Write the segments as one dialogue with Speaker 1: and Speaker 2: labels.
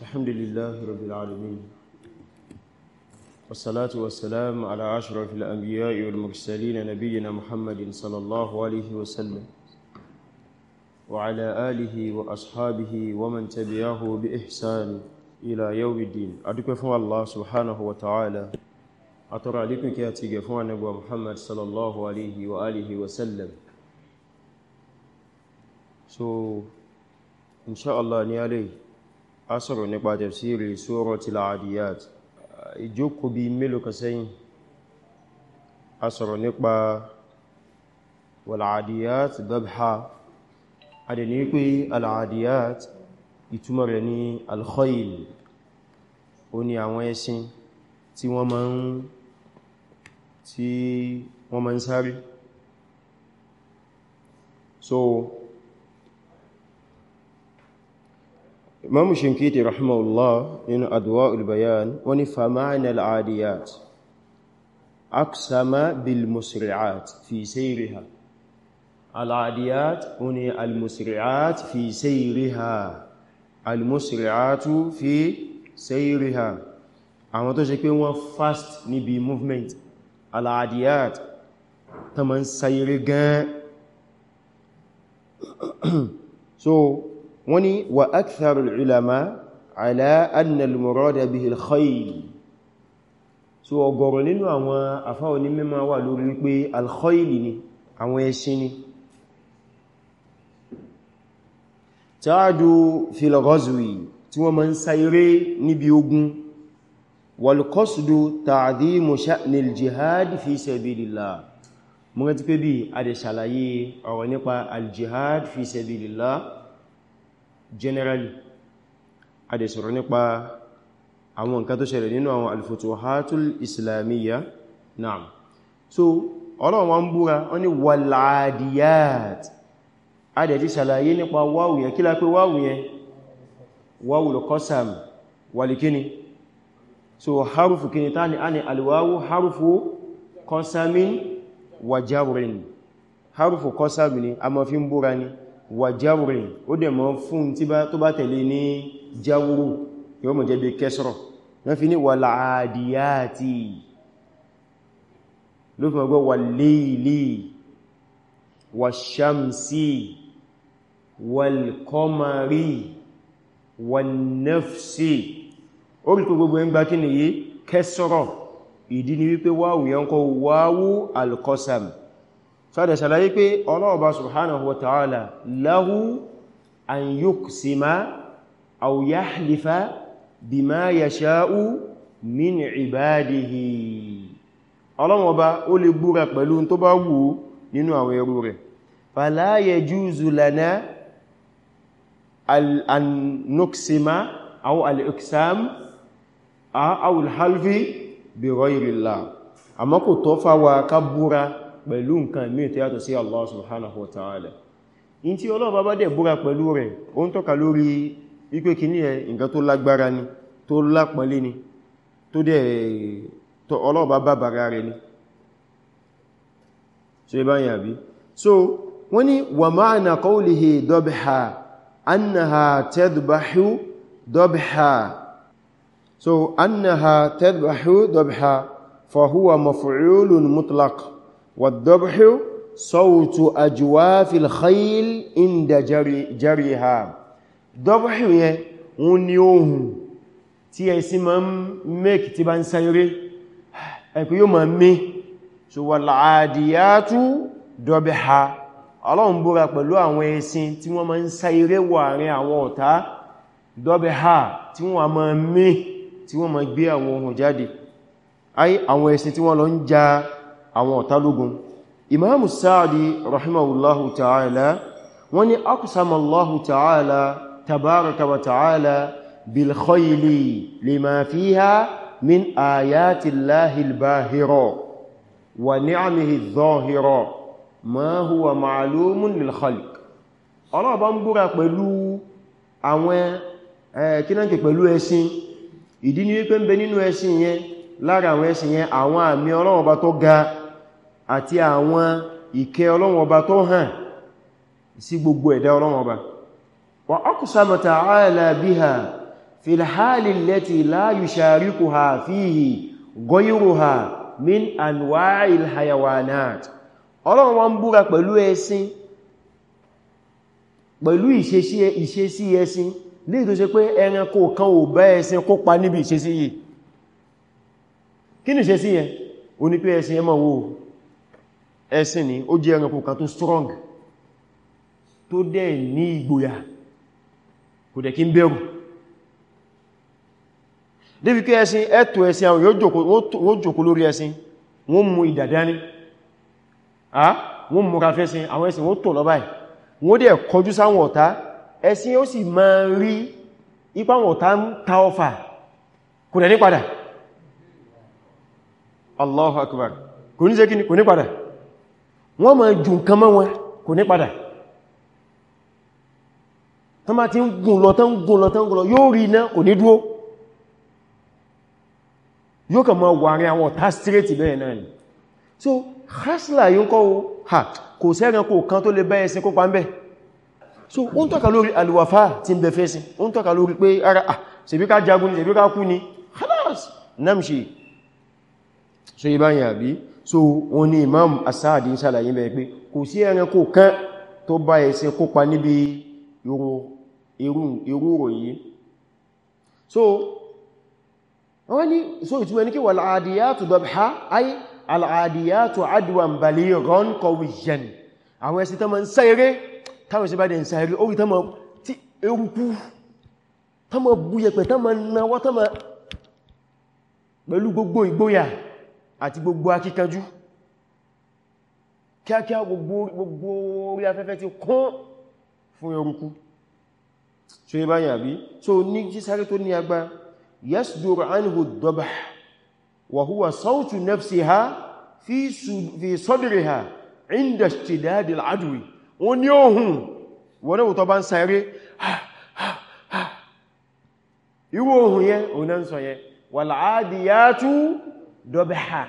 Speaker 1: الحمد لله رب العالمين والصلاة والسلام على أشرف الأنبياء والمرسلين نبينا محمد صلى الله عليه وسلم وعلى آله وأصحابه ومن تبعه بإحسان إلى يوم الدين أدوك فو الله سبحانه وتعالى أترى لكم كي أتيقفوا نبو محمد صلى الله عليه وآله وسلم So, إن شاء الله alayhi a sọ̀rọ̀ nípa tafsiri suratul Adiyat ìjókòó bí mélòó kan sẹ́yìn a sọ̀rọ̀ nípa wal Adiyat dabha a dẹ̀ pé al ìtumọ̀ rẹ̀ ní al-khayl ó àwọn ẹṣin tí wọ́n máa ń sáré so imamu shinkiti rahimahullah nínú adwa'ul bayan wani fama'ina al'adiyat aksama bil musri'at fi sayriha al'adiyat wani al-musri'at fi sayriha al-musri'at fi sayriha àwọn tó ṣe pé wọ́n fast níbi movement al'adiyat ta ma ń gan so wọ́n ni wa aktharul ulama ala anna al-murada bihi al-khayl so ọ̀gọ̀rọ̀ nínú àwọn àfáà ní mímọ̀ wà lórí wípé al-khayl ni àwọn ẹṣin ni ta'adu fil ghazwi tí wọ́n ma ń sayere níbi ogun wal qasdu ta'dhimu jihad fi sabilillah mo rántí pé bí a ọ̀rọ̀ nípa al-jihad fi sabilillah generally a dẹ̀ sọ̀rọ̀ nípa àwọn nǹkan tó ṣẹlẹ̀ nínú àwọn al-futuhatul islamiyya naam so ọlọ́run wọn búra wọ́n ni wal-adiyat a dẹ̀ ti ṣàlàyé nípa wáwù kí la pé wáwù yẹn so harufu kíní tani a ni alwawu harufu qasamin wa jabrin harufu ni wà jáwùrì ó dẹ̀ mọ́ fún tí tó bá tẹ̀lé ní jáwùrù yóò mọ̀ jẹ́ bí kẹsọ̀rọ̀ wọ́n fi ní wà láàdìyàtì ló fi mọ̀gbọ́ wà léèlì wà ṣàmsì wà kọmarì wà nẹ́fṣì ó rí gbogbo ẹgbà kí ni yí kẹsọ̀rọ̀ ìdí ni wípé wáwù yẹn wáwù alkọsàmì sọ́dẹ̀ sàlàyé pé ọlọ́ọ̀bá subhanahu wa ta'ala lahu an yuqsima aw yahlifa bima yasha'u min ibadihi ọlọ́ọ̀bá ó lè búra pẹ̀lú tó bá wù nínú àwọn ẹrú rẹ̀ fala yajuzu lana an nuqsima aw al-iqsam aw bi ghayri Allah àmọ́ kò tọ́ fáwa ká pẹ̀lú nǹkan mìí tó yàtọ̀ sí Allah subhanahu wa ta'ala in tí Ọlọ́run bá bá dẹ̀ búra pẹ̀lú rẹ̀ ó ń tọ́ka lórí wípé kì ní ẹ nǹkan tó lágbára ni tó lápọ̀lé ni tó dẹ̀ tó bá bàrá rẹ̀ ni ṣe so wọ́n ni wa ma'na qawlihi dabha annaha so annaha tadbahu dabha fa huwa maf'ulun والذبح صوت أجواف الخيل عند جريها ذبح yẹn wọ́n ní ohùn tí ẹṣin máa ń mẹ́kì tí bá ń sáré ẹ̀kù yóò máa mẹ́ so والعاديات ضبحا ọlọ́run búra pẹ̀lú àwọn ẹṣin tí wọ́n máa ń sáré wà rin àwọn ọ̀tá ضبحا tí wọ́n máa mẹ́ tí wọ́n máa gbé àwọn ohùn jáde ay àwọn ẹṣin tí wọ́n lọ ń ja àwọn ọ̀tálógún imamu sáàdì rahimahullahu ta'ala wọ́n ni akusamallahu ta'ala tabaraka wa ta'ala bilkhayli lima fiha min ayati llahi albahira wa ni'amihi adh-dhahira ma huwa ma'lumun lil khalq ọlọ́ọ̀bá ń búra pẹ̀lú àwọn kínáǹkì pẹ̀lú ẹṣin ìdí ni wípé ń bẹ nínú ẹṣin yẹn lára àwọn ẹṣin yẹn àwọn àmì ọlọ́ọ̀bá tó ga àti àwọn ìkẹ́ ọlọ́wọ̀n ọba tó hàn sí gbogbo ẹ̀dá ọlọ́wọ̀n ọba wa aqsama ta'ala biha fil hali allati la yusharikuha fihi ghayruha min anwa'il hayawanat ọlọ́wọ̀n wọn búra pẹ̀lú ẹ̀sìn pẹ̀lú ìṣesí ẹ̀sìn ní ìtò ṣe pé ẹranko kan ò bá ẹ̀sìn kópa o ní pé ẹ̀sìn ẹmọ̀ wo ẹṣin ni ó jẹ́ ẹranko kan tó strong tó dẹ̀ ní ìgboyà kò dẹ̀ kí ń bẹ̀rù débi kí ẹṣin ẹ̀tọ́ ẹṣin àwọn yóò jòkó lórí ẹṣin wọ́n mú ìdàdání wọ́n múra fẹ́ṣin àwọn ẹṣin wọ́n tọ̀ lọ́bàá wọ́n dẹ̀ kọjú sáwọn ọ̀tá ẹṣin ó sì máa rí ipá àwọn ọ̀tá ń ta ọfà kò ní padà Allahu Akbar kò ní padà wọ́n ma jù nǹkan mọ́ wọn kò ní padà tán bá ti ń gùn lọ tán gùn lọ tán gùn lọ yóò rí iná kò ní dúó yóò kàn mọ́ wà rin àwọn ọ̀tá straight bẹ́ẹ̀ náà ni so hasla yóò kọ́ o ha kò sẹ́ran kò kan tó lè bẹ́ ẹsìn kópa ń bẹ́ so ó ń tọ́ka lórí alwafa ti ń bẹ fẹ́sìn ó ń tọ́ka lórí pé ara ah àbí so wọn ni imam asáàdì ń ṣàlàyé bẹ̀rẹ̀ pé kò sí ẹranko kan tó bá ẹ̀sẹ̀ kópa níbi irú ròyí so wọ́n ni so ìtumọ̀ ní kí wà al-adiyatu dabha ay al-adiyatu adwan balighan qawiyyan àwọn ẹ̀sẹ̀ tó ma ń sáyẹrẹ táwọn ẹ̀sẹ̀ bá dẹ̀ ń sáyẹrẹ orí tó ma tí eruku tó ma búyẹ̀pẹ̀ tó náwọ́ tó pẹ̀lú gbogbo ìgboyà àti gbogbo akíkanjú kíákíá gbogbo orí afẹ́fẹ́ ti kún fún ẹrùkú so yí báyìí àbí so ní sísáré tó ní agbá yasdur anhu ad-dabh wa huwa sawtu nafsiha fi sadriha inda ishtidad al-adwi wọ́n ní ohun wọ́n náà tó bá ń sáré irú ohun yẹn dọ́bẹ̀há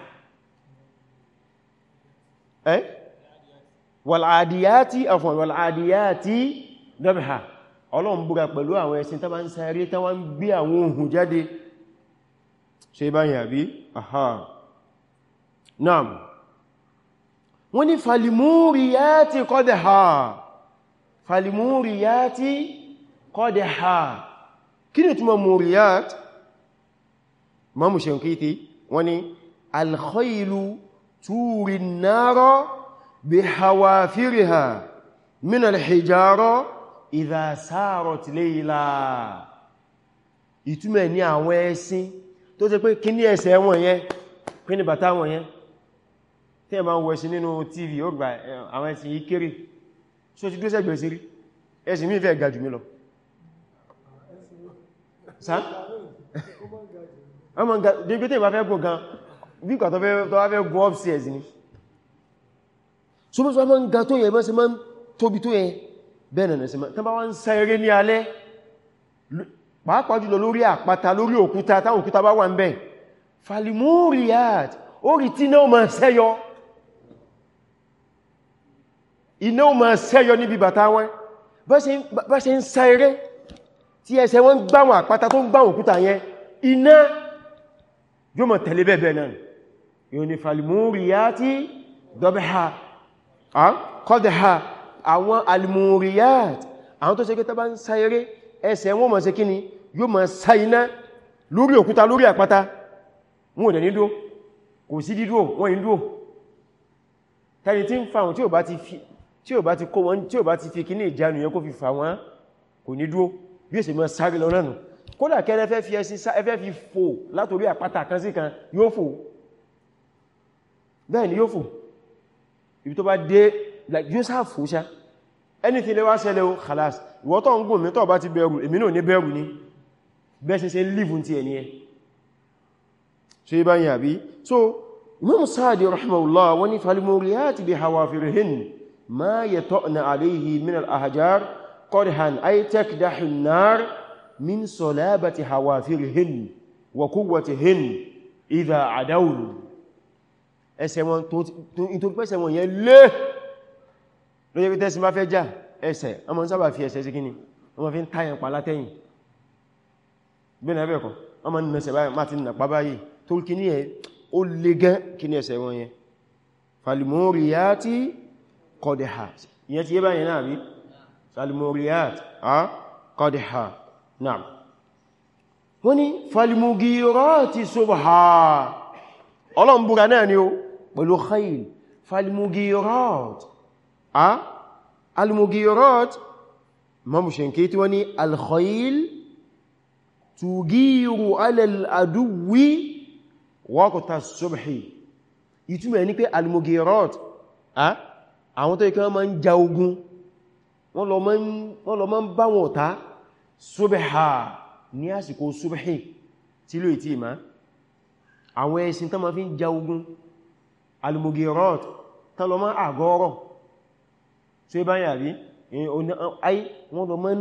Speaker 1: eh wàl'adìyàtí afọ̀n wàl'adìyàtí dọ́bẹ̀há ọlọ́run búra pẹ̀lú àwọn ẹṣin tàbí ń sáré tàbí ń gbé àwọn ohun jáde ṣe báyìí àbí aha naam wọ́n ní falimúriyàtí kọ́dẹ̀há falimúriyàtí kọ́dẹ̀há kí ni túnmọ̀ múriyàtí mọ́mù ṣe ń kí tí wọ́n ni alkhailu túrí náà bí hawa fíríhà min alhijara idha sarat layla ìtumẹ̀ ní àwọn ẹṣin tó ṣe pé kí ní ẹsẹ̀ wọn yẹn kí ní bàtà wọn yẹn tí ẹ ma ń wẹ̀ṣin nínú tv ó gbà àwọn ẹṣin yìí kéré so ti dúsẹ̀ gbẹ̀ rí ẹṣin mí fẹ́ gajù mí lọ sáà ọmọ dégbé tí ìwà fẹ́ gùn gan bí ìgbà tó fẹ́ gùn upstairs ni so mọ́ sọ mọ́ ń ga tó yẹ mọ́ sí mọ́ ń tóbi tó yẹ bẹ́ẹ̀ nà sí mọ́ tán bá wọ́n ń sá eré ní alẹ́ pàápàá jùlọ lórí àpáta lórí òkúta táwọn òkúta bá wà ń bẹ̀ falimoriat orí tí náà mọ́ sẹ́yọ iná mọ́ sẹ́yọ níbi bàtà wọn bá ṣe ń sá eré iná yóò mọ̀ tẹ̀lé bẹ́ẹ̀bẹ̀ náà yóò ní falmuriyati dọ́bẹ̀ha kọ́dẹ̀ha àwọn almuriyat àwọn tó ṣe kí tàbá ń sáyẹrẹ ẹsẹ̀ wọn mọ̀ sí kíni yóò mọ̀ sáyiná lórí òkúta lórí àpáta wọn ò dẹ̀ ní dó kò sí dídó wọn kódà kẹ́lẹ́ fẹ́ fi ẹṣin sá ẹfẹ́ fi fò látorí àpáta kan sí kan yóò fò bẹ́ẹ̀ ni yóò fò ibi tó bá dé yóò sá fò ṣá anything lè wá ṣẹlẹ̀ o khalas ìwọ tó ń gùn mi tó bá ti bẹ̀rù èmi náà ní bẹ̀rù ní bẹ́ẹ̀ so ibá yà bí so imam sáàdì rahimahullah wani falimoriyati bi hawafirihin ma yata'na alayhi min al-ahjar min salabati hawafirihin wa quwwatihin idha adawun ẹsẹ̀ wọn tó nítorí pẹ́sẹ̀ wọn yẹn lé ló yẹ́ tẹ́sí máa fẹ́ já ẹsẹ̀ ọmọ sábà fi ẹsẹ̀ sí kíni ọmọ fi ń táyàn pa látẹ́yìn bí na ẹbẹ̀kọ́ ọmọ nínú ẹsẹ̀ báyìí máa ti nà pa ìyẹn ti yẹ báyìí náà rí falimoriyati kọdẹ̀ha náà wọ́n ni falmugirati subha ọlọ́run búra náà ni ó pẹ̀lú khayl falmugirati a almugirati mamu ṣinke tí wọ́n ni alkhayl tugiru alaladuwi waqta subhi ìtumọ̀ ní pé almugirati a àwọn tó ikẹ́ wọ́n ma ń ja ogun wọ́n lọ ma ń bá wọn ta ṣúbẹ̀há ní àsìkò ṣúbẹ̀hì tí ló ìtì ìmá àwọn ẹṣin tán ma fi ń ja ogun almugirot tán lọ mọ́ àgọ́rọ̀ tí ó bá yà rí ayé wọ́n lọ mọ́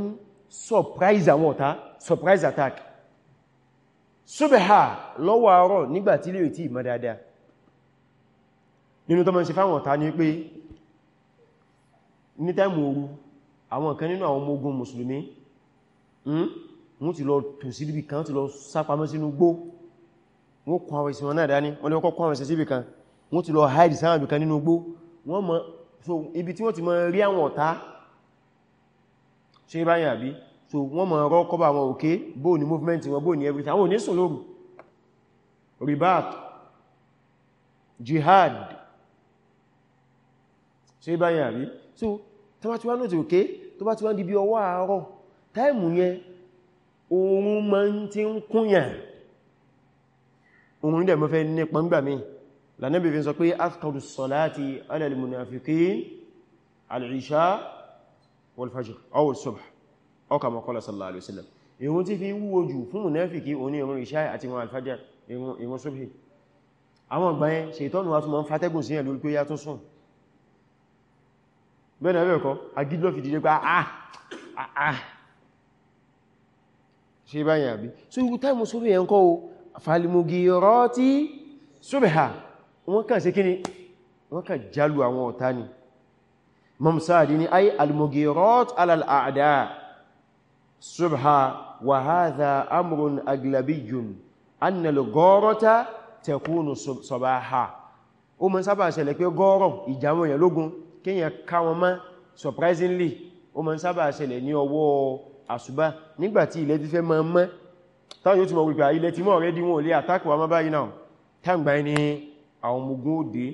Speaker 1: surprise àwọn ọ̀tá surprise attack ṣúbẹ̀há lọ́wọ́ àárọ̀ nígbà tí ló ìtì ìmá dáadáa nínú tó mọ́ ṣe fáwọn ọ̀tá ní pé ní táìmù àwọn kan nínú àwọn ọmọ ogun mùsùlùmí Hmm? wọ́n ti lọ tò sí ibi kan ti lọ sápamọ́ sínú gbó wọ́n kọ àwọn ìsinmi náà dání wọ́n lè kọ́ kọ́ àwọn ìsinmi síbi kan wọ́n ti lọ hide sáwọn ibi kan nínú gbó wọ́n mọ̀ so ibi tí wọ́n ti mọ̀ rí àwọn ọ̀tá ṣe báyìí àbí so wọ́n mọ̀ rọ́ kọ́bà àwọn òkè bóò ní movement wọn bóò ní everything àwọn onísùn lóru ribat jihad ṣe báyìí àbí so tó bá ti wá nóòtì òkè tó bá ti wá ń di bí ọwọ́ táìmù yẹn oòrùn ma ń ti ń kúnyàn oòrùn dẹ̀ mọ́ fẹ́ nípa ńgbà mí lànàbì fi sọ pé afkadu sọláti alal munafiqin al-isha wal-fajr aw as-subh aw kama qala sallallahu alaihi wasallam ìrun tí fi wúwo jù fún munafiki oní ìrun isha àti ìrun al-fajr pé yá tún ṣe báyìí àbí so iwu táìmù sóbì yẹn kọ́ o falimugirati subha wọ́n kàn sí kíni wọ́n kàn jálù àwọn ọ̀tá ni mamsadi ni ay almugirat alal'ada subha wa hadha amrun aglabiyyun annal gọ́rọ́ta àṣùbá nígbàtí ilẹ̀ ti fẹ́ mọ́ mọ́ táwọn yóò ti mọ̀ wípé ilẹ̀ ti mọ́ rẹ̀ dí wọn ò lè báyìí náà tàǹgbà ní àwọn ogun òde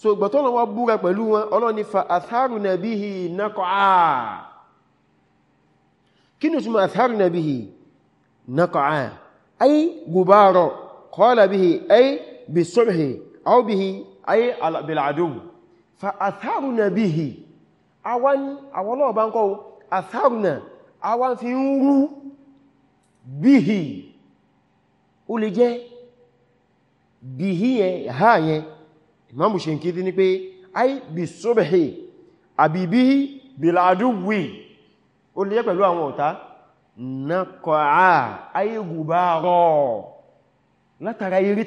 Speaker 1: so gbọ̀tọ́ lọ wá búra pẹ̀lú wọn ọlọ́ni fa atharuna bihi naqa'a kí ni ó túnmọ̀ atharuna bihi naqa'a ay gubaro qala bihi ay àwọn náà bá ń kọ́ àtàrùnà àwọn fi ń rú bíhì ó lè jẹ́ bíhì ha yẹn Imam Shankiti ní pé ai bí sóbẹ̀hì àbí bíhì bìlàdúwì ó lè jẹ́ pẹ̀lú àwọn ọ̀tá nàkọ̀á ayégùbárọ̀ látara irí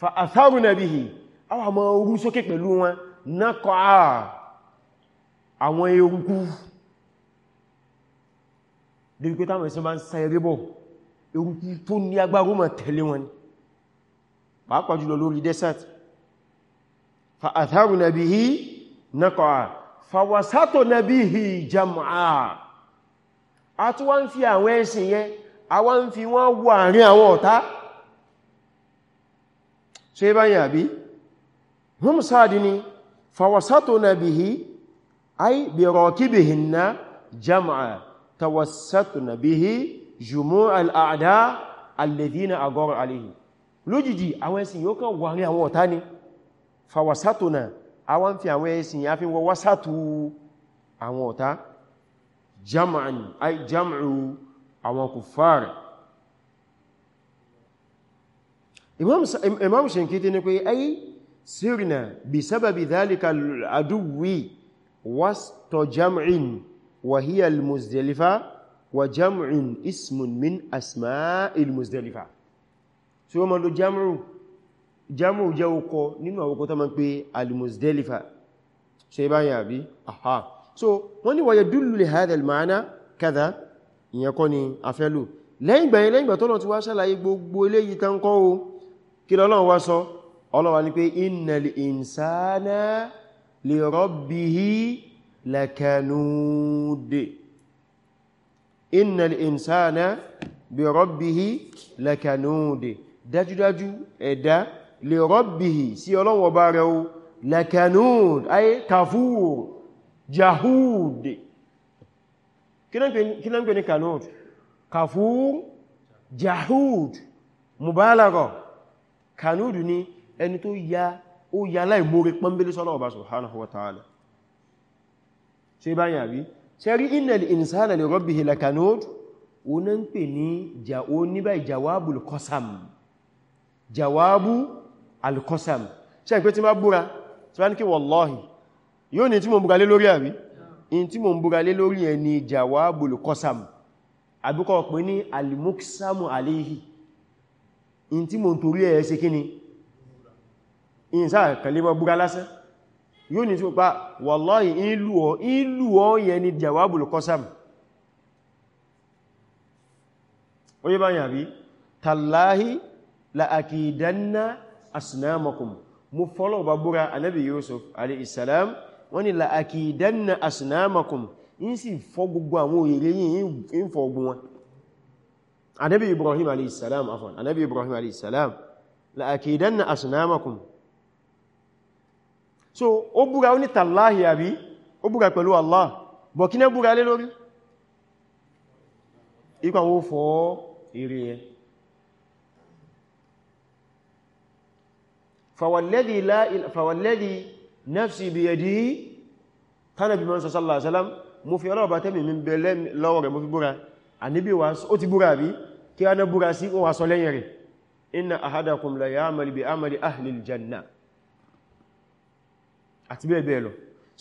Speaker 1: fa àwọn eruku débi pé táwọn ẹ̀sìn bá ń sa eré bọ̀ eruku tó ní agbára mọ̀ tẹ̀lé wọn ni pàápàá jùlọ lórí desert fa atharu nabihi naqa'a fa wasato nabihi jam'a a tún wá ń fi àwọn ẹ̀sìn yẹn a wá ń fi wọ́n wọ àárín àwọn ọ̀tá ṣe báyìí àbí hum sáàdì ni أي برواكبهن جمع توسطن به جموع الأعداء الذين أغار عليه lójijì àwọn ẹ̀sìn yóò kàn wà ní àwọn ọ̀tá ni fàwàsátònà àwọn fi àwọn ẹ̀sìn ya fi wọ wásátò àwọn ọ̀tá jam'an ay jam'u àwọn kuffar imam Shinkiti ni pé ay sirna bi sababi dhalika al-aduwi وسط جمع وهي المزدلفة وجمع اسم من أسماء المزدلفة tí ó ma lo jamru jamru jẹ́ ọkọ̀ nínú àwọn ọkọ̀ tó ma ń pè al-Muzdalifa ṣe báyìí àbí àhá so wọ́n wa yadullu li hadha al-ma'na kadha ìyẹn kọ́ ni afẹ́lù lẹ́yìn gbẹ̀yìn lẹ́yìn gbẹ̀tọ́lọ̀ tí wá ṣàlàyé gbogbo eléyìí tán kọ́ o kí lọ́lọ́run wá sọ Ọlọ́run wá ní pé innal insana li rabbihi lakanud innal insana bi rabbihi lakanud dájúdájú ẹ̀dá li rabbihi sí ọlọ́wọ̀ bá rẹ̀ o lakanud ay kafur jahud kí náà ń pè ní kanud kafur jahud mubalagha kanud ni ẹni tó ya ó yà láìmóre pọ́nbélé sọ́nà ọba subhanahu wa ta'ala ṣe bá yà rí ṣe rí innal insana li rabbihi lakanud o na ń pè ní jàó níbà jawabu al-qasam jawabu al-qasam ṣe pé tí ma búra tí wá ní kí wallahi yóò ní tí mo búra lé lórí in tí mo búra lé lórí ẹ ni ìsá kàlé mọ́ búra lásán yóò ní tí ó pa wallahi ìlú ọ ìlú ọ yẹ ni jawabul qasam ó yí bá yà bí tallahi la'akidanna asnamakum mú fọ́lọ̀ bá búra anábi Yusuf alaihissalam wọ́n ni la'akidanna asnamakum in sì fọ́ gbogbo àwọn òyèrè yìí fọ́ ogun wọn la'akidanna asnamakum so ó búra ó ní tàláhì àbí ó búra pẹ̀lú Allah bọ̀ kí náà búra lé lórí ipa wo fọ́ èrè ẹ fàwàlẹ́dì nafsi bí ẹ̀dí tánàbí mọ́ sọ sallallahu alaihi wasallam mo fi ọlọ́ọ̀bá tẹ́mì mi bẹ̀lẹ́ lọ́wọ́ rẹ̀ mo fi búra àníbí wa ó ti búra àbí kí a ná búra sí ó wà sọ lẹ́yìn rẹ̀ inna ahadakum la ya'mal bi amali ahli al àti bẹ́ẹ̀ lọ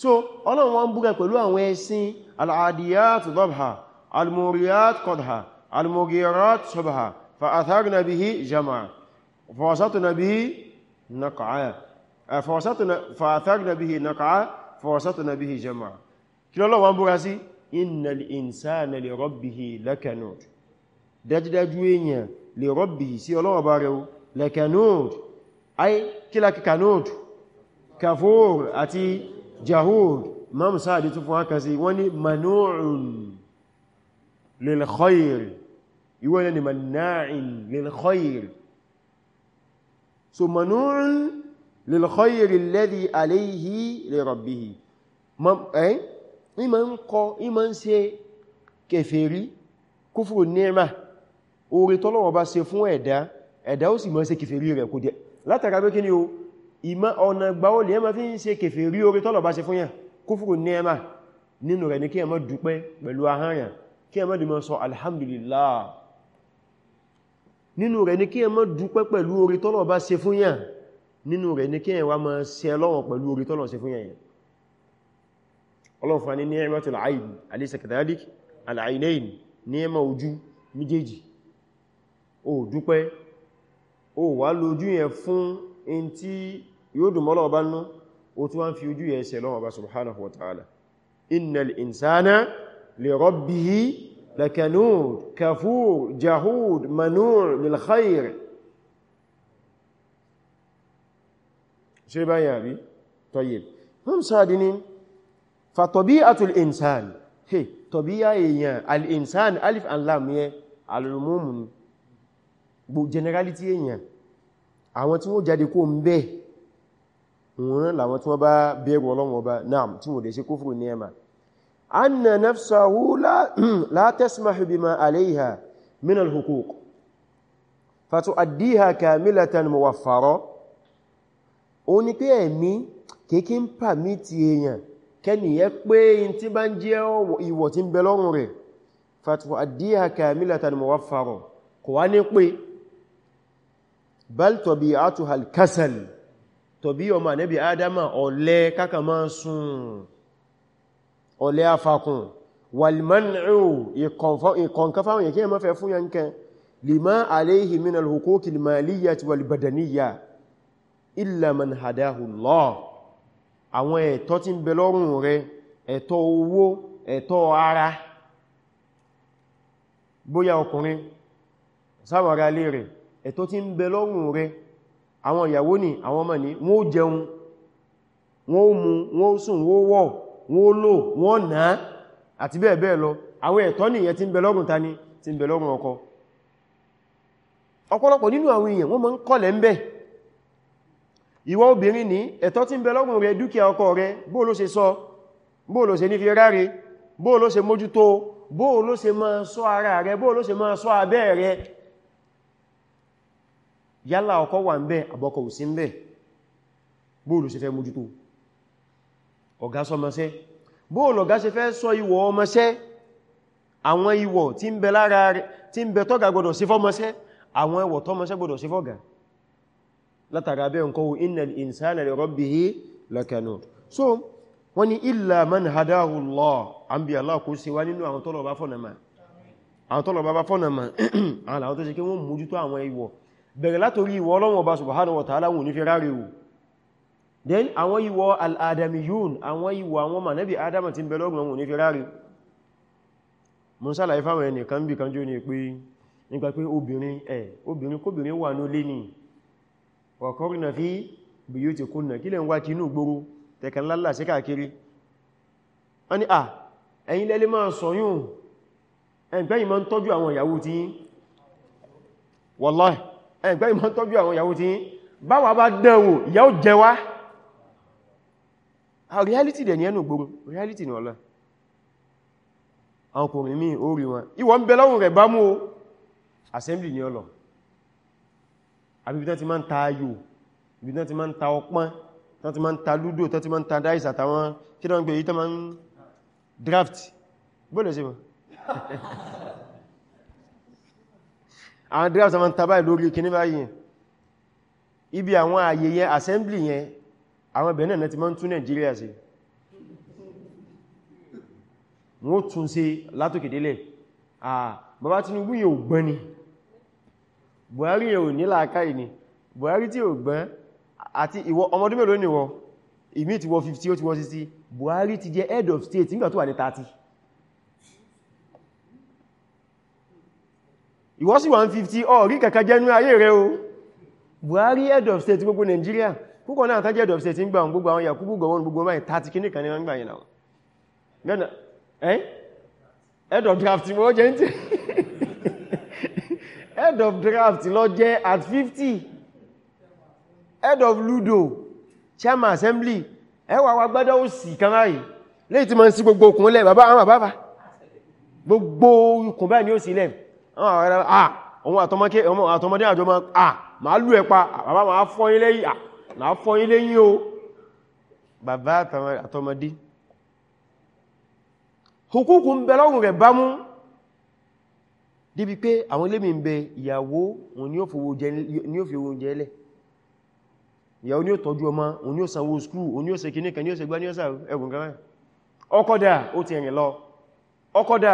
Speaker 1: so ọlọ́run wọn búrẹ̀ pẹ̀lú àwọn ẹṣin al-adiyat dhabha al-muriyat qadha al-mughirat subha fa'atharna bihi jam'a fawasatna bihi naq'a eh, fa'atharna bihi naq'a fawasatna bihi jam'a kí lọ́lọ́ wọn búra sí innal insana li rabbihi lakanut dájúdájú èèyàn li rabbihi sí ọlọ́wọ́ bá rẹ̀ lakanut ay kí kafur àti jahur imam sáàdì tún fún ákà sí wọ́n ni manu'un lil khair ìwọ́n ni manna'in lil khair so manu'un lil khair alladhi alayhi li rabbihi ìmọ̀ eh? ń kọ ìmọ̀ ń ṣe kèfèrí kúfùrù ni'ma orí tọ́lọ́wọ́ bá ṣe fún ẹ̀dá ẹ̀dá ó sì mọ́ ṣe kèfèrí rẹ̀ kò dẹ̀ látara pé o ìmọ̀ ọ̀nà gbáwó lè ẹmọ́ fi ń ṣe kèfè rí orí tọ́lọ̀ bá ṣe fún yàn kúfùrù ní ẹmà nínú rẹ̀ ní kí ẹmọ́ dúpẹ́ pẹ̀lú ahányàn kí ẹmọ́ dìmọ̀ sọ alhamdulillah nínú rẹ̀ ní kí ẹmọ́ dúpẹ́ pẹ̀lú orí tọ́lọ̀ bá ṣe fún yàn nínú rẹ̀ ní kí ẹwà mọ́ ṣe lọ́wọ́ pẹ̀lú orí lójú yẹn fún in tí yóò dùn mọ́lọ̀ ọba nú ó tún wá ń fi ojú yẹ ṣe lọ́wọ́ ọba subhanahu wa ta'ala innal insana li rabbihi lakanud kafur jahud manur lil khair ṣe báyà rí tọ́yẹ̀ mọ́m sáàdì ni fa tabi'atul insan hey tọ̀bíyà èèyàn al-insan alif and lam yẹ alùmùmù gbò generality èèyàn àwọn tí wọ́n jáde kó ń bẹ́ẹ̀ wọn làwọn tí wọ́n bá bẹ̀rù ọlọ́run ọba náà tí wọ́n dẹ̀ ṣe kúfùrù ní ẹ̀mà anna nafsahu la tasmahu bima alayha min al-huquq fatu'addiha kamilatan muwaffara ó ní pé ẹ̀mí kéèké ń pà mí ti èèyàn kẹ́niyẹ pé in tí bá ń jẹ́ ìwọ̀ tí ń bẹ lọ́rùn rẹ̀ fatu'addiha kamilatan muwaffara kò wá ní pé bal tabi'atuha al tọ̀bí ọmọ ànẹ́bì adama ọ̀lẹ káka máa sun ọ̀lẹ afakun walmanu ìkọ̀nkan fáwọn yẹ̀kí ẹmọ́ fẹ́ fún yankan lima alayhi min alhuquqi almaliyyati walbadaniyya illa man hadahu Allah àwọn ẹ̀tọ́ tí ń bẹ lọ́rùn rẹ ẹ̀tọ́ owó ẹ̀tọ́ ara bóyá ọkùnrin sáwọn ara lè rẹ̀ ẹ̀tọ́ tí ń bẹ rẹ àwọn ìyàwó ní àwọn ọmọ ní wọ́n ó jẹun wọ́n ó mu wọ́n ó sùn wọ́n ó wọ́n ó lò wọ́n ná àti bẹ́ẹ̀ bẹ́ẹ̀ lọ àwọn ẹ̀tọ́ nìyẹn tí ń bẹ lọ́rùn tani tí ń bẹ lọ́rùn ọkọ ọ̀pọ̀lọpọ̀ nínú àwọn èèyàn wọ́n máa ń kọ́lẹ̀ ń bẹ̀ ìwọ obìnrin ní ẹ̀tọ́ tí ń bẹ lọ́rùn rẹ dúkìá ọkọ rẹ bóò yálà ọkọ wà ń bẹ àbọ́kọ ò sí ń bẹ bóòlù ṣe fẹ́ mójútó ọ̀gá sọmọṣẹ́ bóòlù ọ̀gá ṣe fẹ́ sọ ìwọ̀ ọmọṣẹ́ àwọn ìwọ̀ tí ń bẹ lára rẹ̀ tí ń bẹ tọ́gà gbọdọ̀ sí fọ́mọṣẹ́ àwọn ìwọ̀ tọ́mọṣẹ́ gbọdọ̀ so wọ́n ni illa man hadahu Allah an bí Allah kó sí wá nínú àwọn tọ́lọ̀ bá fọ́nà mà bẹ̀rẹ̀ látorí ìwọ Ọlọ́run Ọba subhanahu wa ta'ala wọn ní fi ráre wò then àwọn ìwọ al'adamiyun àwọn ìwọ àwọn mànábì adama ti bẹ̀lọ́gbọ̀n wọn ní fi ráre mún sálàí fáwọn ẹni kan bí kan jó ní pé nígbà pé obìnrin ẹ̀ obìnrin kóbìnrin wà ní olé ní wa qurna fi buyutikunna kí wallahi ẹgbẹ́ ìmọ̀ tọ́jú àwọn ìyàwó tí báwa bá dánwò ìyàwó jẹ a. reality dẹ̀ ní ẹnu gbogbo reality ní ọ̀lá àwọn ọkùnrin mí orí wọn ìwọ ń bẹ lọ́rùn rẹ̀ bá mú o assembly ní ọlọ̀ àbí ibi tán ti máa ń ta ayò ibi tán ti máa ń ta ọpọ́n tán ti àwọn drivers ma ń tàbá lórí kìní báyìí ibi àwọn ayẹyẹ assembly yẹn àwọn benin náà ti ma ń tún Nigeria sí wọ́n tún sí látòkèdélẹ̀ bàbá Tinubu yẹn ò gbọ́n ni Buhari yẹn ò ní làákàyè ni Buhari tí ò gbọ́n àti ìwọ ọmọdún mélòó wọ ìmí ti wọ 50 ó ti wọ 60 Buhari ti jẹ́ head of state nígbà tó wà ní 30 ìwọ sì 150 ọ̀rí kẹ̀kẹ́ jẹ́nú ayé rẹ̀ o Buhari head of state gbogbo Nigeria púpọ̀ náà tàjẹ́ head of state ń gbà gbogbo àwọn Yakubu gọ̀wọ́n gbogbo báyìí tàti kí nìkan ní wọ́n gbà yìí náà gẹ́nà ẹ́n head of draft wọ́n jẹ́ ń tẹ́ head of draft lọ jẹ́ at 50 head of ludo chairman assembly ẹwà wa gbádọ́ òsì kan báyìí léyìí tí ma ń sí gbogbo okùn lẹ́ bàbá àwọn bàbá gbogbo okùn báyìí ni ó sì lẹ́yìn àwọn ah, ah, àtọmọdé àjọ ma à ma lù ẹpa bàbá ma fọ́yín lẹ́yìn à ah, ma fọ́yín lẹ́yìn o bàbá àtọmọdé hukuku ń bẹ lọ́rùn rẹ̀ bá mú débi pé àwọn ilé mi ń bẹ ìyàwó òun ni ó fi owó oúnjẹ ẹlẹ̀ ìyàwó ni ó tọ́jú ọmọ òun ni ó sanwó skúù òun ni ó ṣe kìníkà ni ó ṣe gbá ní ọ́sà ẹgbùn kan ọkọ̀dà ó ti rìn lọ ọkọ̀dà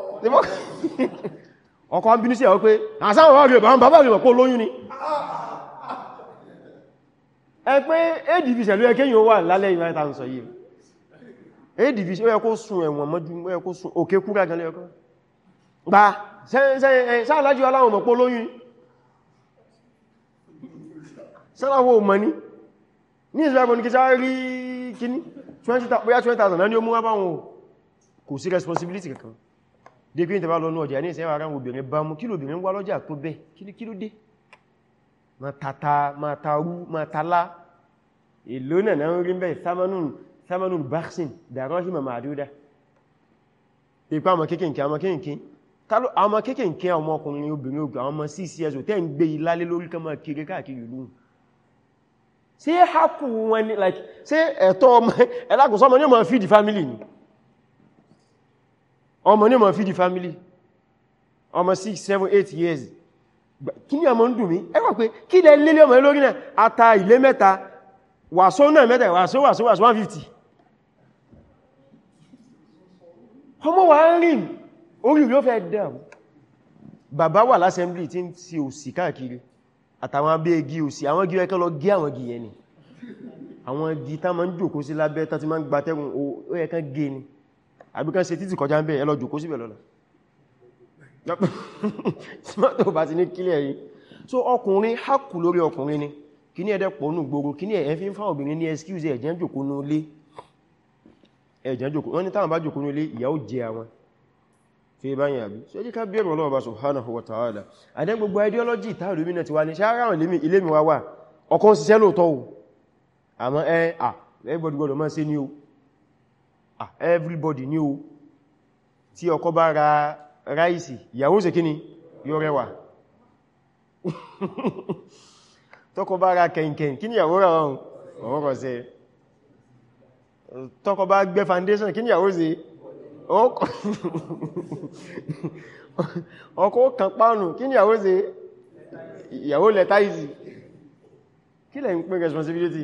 Speaker 1: ọkọ̀ ń bínú sí ẹ̀wọ́ pé àsáwọn ọ̀rọ̀ rẹ̀ bàbá rẹ̀ pọ̀ lóyún ni ẹ pé advc ló yẹ kéyìn wà lálẹ́ ìmáyẹta ń sọ yìí advc ó yẹ kó sun ẹ̀wọ̀n mọ́jú ó yẹ kó sun òkè kúrà gan lẹ́yọkọ́ gba sáàlájú aláwọn mọ̀pọ̀ lóyún sáàláwọ̀ mọ̀ ní ní ìsìláàbọ̀ ní kí sáà rí kíní 20,000 náà ni mú wá báwọn kò sí responsibility kankan dégbé ìtàbà lọ́nà ọjà ní ìsẹ́wà ara obìnrin bá mú kí lóbìnrin wá lọ́jà tó bẹ́ kí ló dé ma tata ma taru ma tala èlò náà náà rí bẹ́ samanun baxin dàrọ́ṣì mama àdúdá ipa ọmọ kéèkèé ọmọ kéèkèé tálọ́ ọmọ kéèkèé ọmọ ọkùnrin obìnrin ogun àwọn ọmọ ccs tẹ́ ń gbé ilálé lórí kan máa kiri káàkiri ìlú ṣe ẹ̀tọ́ ọmọ ẹlákùnsọ́mọ ní ọmọ feed family ni ọmọ ní ọmọ feed family ọmọ 6 7 8 years kí ní ọmọ ń dùn mí ẹwà pé kí lẹ lélé ọmọ lórí náà ata ilé mẹ́ta wàsó náà mẹ́ta wàsó wàsó wàsó 150 ọmọ wà ń rìn orí rí ó fẹ́ dẹ̀m bàbá wà lásẹ̀mblì tí ń ti òsì káàkiri àtàwọn abẹ́ igi òsì àwọn igi ẹkẹ́ lọ gé àwọn igi yẹn ni àwọn igi tá ma ń jòkó sí lábẹ́ tá ti ma ń gbatẹ́gùn ó ẹ̀kan gé ni àbíkan ṣe títì kọjá ń bẹ́ ẹlọ́jù kó síbẹ̀ lọ́la tomato bá ti ní kílẹ̀ yìí so ọkùnrin hákù lórí ọkùnrin ni kí ní ẹ̀dẹ́ pọ̀nù gbogbo kí ní ẹ̀fí ń fáwọn obìnrin ní excuse ẹ̀jẹ́ jòkónú lé ẹ̀jẹ́ jòkónú wọ́n ní táwọn bá jòkónú lé ìyàwó so ẹjí ká bẹ̀rù Ọlọ́run bá subhanahu wa ta'ala ideology táàrí mi náà ti wá ní ṣáàràwọ̀n ilé mi wá wà ọkọ̀ ń ṣiṣẹ́ lóòótọ́ o àmọ́ ẹ Ah, everybody ní o tí ọkọ bá ra ráìsì ìyàwó ṣe kí ni yóò rẹwà tọ́kọ bá ra kẹ̀kẹ̀n kí ni ìyàwó rà wọn ọ̀rọ̀ ṣe tọ́kọ bá gbẹ́ foundation kí ni ìyàwó ṣe ọkọ kan pánù kí ni ìyàwó ṣe ìyàwó lẹ́táìsì kí lẹ́ ń responsibility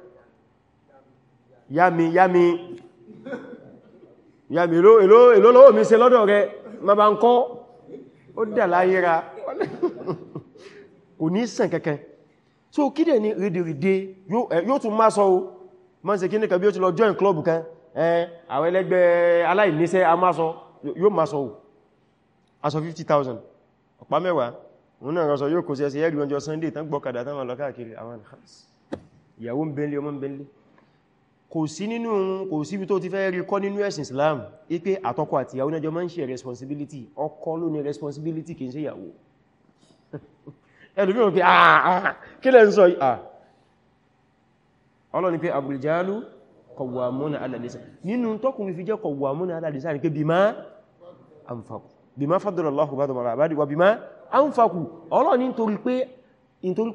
Speaker 1: yámi yámi yámi èló lọ́wọ́ mi ṣe lọ́dọ̀ rẹ ma bá ń kọ́ ó dà láyéra kò ní sàn kankan so kí dẹ̀ ni rìdìrìdè yóò tún máa sọ o ma ń ṣe kíníkà bí ó ti lọ join club kan àwọn ẹlẹ́gbẹ́ aláìníṣẹ́ a máa sọ yóò máa sọ o aṣọ 50,000 ọ̀pá mẹ́wàá òun náà rọ̀sọ̀ yóò kò sí ẹsẹ̀ ẹ̀rì ọjọ́ sunday tán gbọ́kàdà tán ma lọ káàkiri àwọn ìyàwó ń bẹ́lé ọmọ ń bẹ́lé kò sí nínú kò síbi tó ti fẹ́ rí kọ́ nínú ẹ̀sìn Islam ipé àtọkọ àti ìyàwó náà jọ máa ń ṣe responsibility ọkọ ló ní responsibility kì í ṣe ìyàwó ẹlùmí òun pé àà ah, ah, kí lẹ́ ń sọ àà ah. ọlọ́ni pé abùlìjálú kọwàmúnà alàdìsá nínú tọ́kùnrin fi jẹ́ kọwàmúnà alàdìsá ní pé bima bima faddalallahu ba'dahum ala ba'din wa bima anfaqu ọlọ́ni nítorí pé nítorí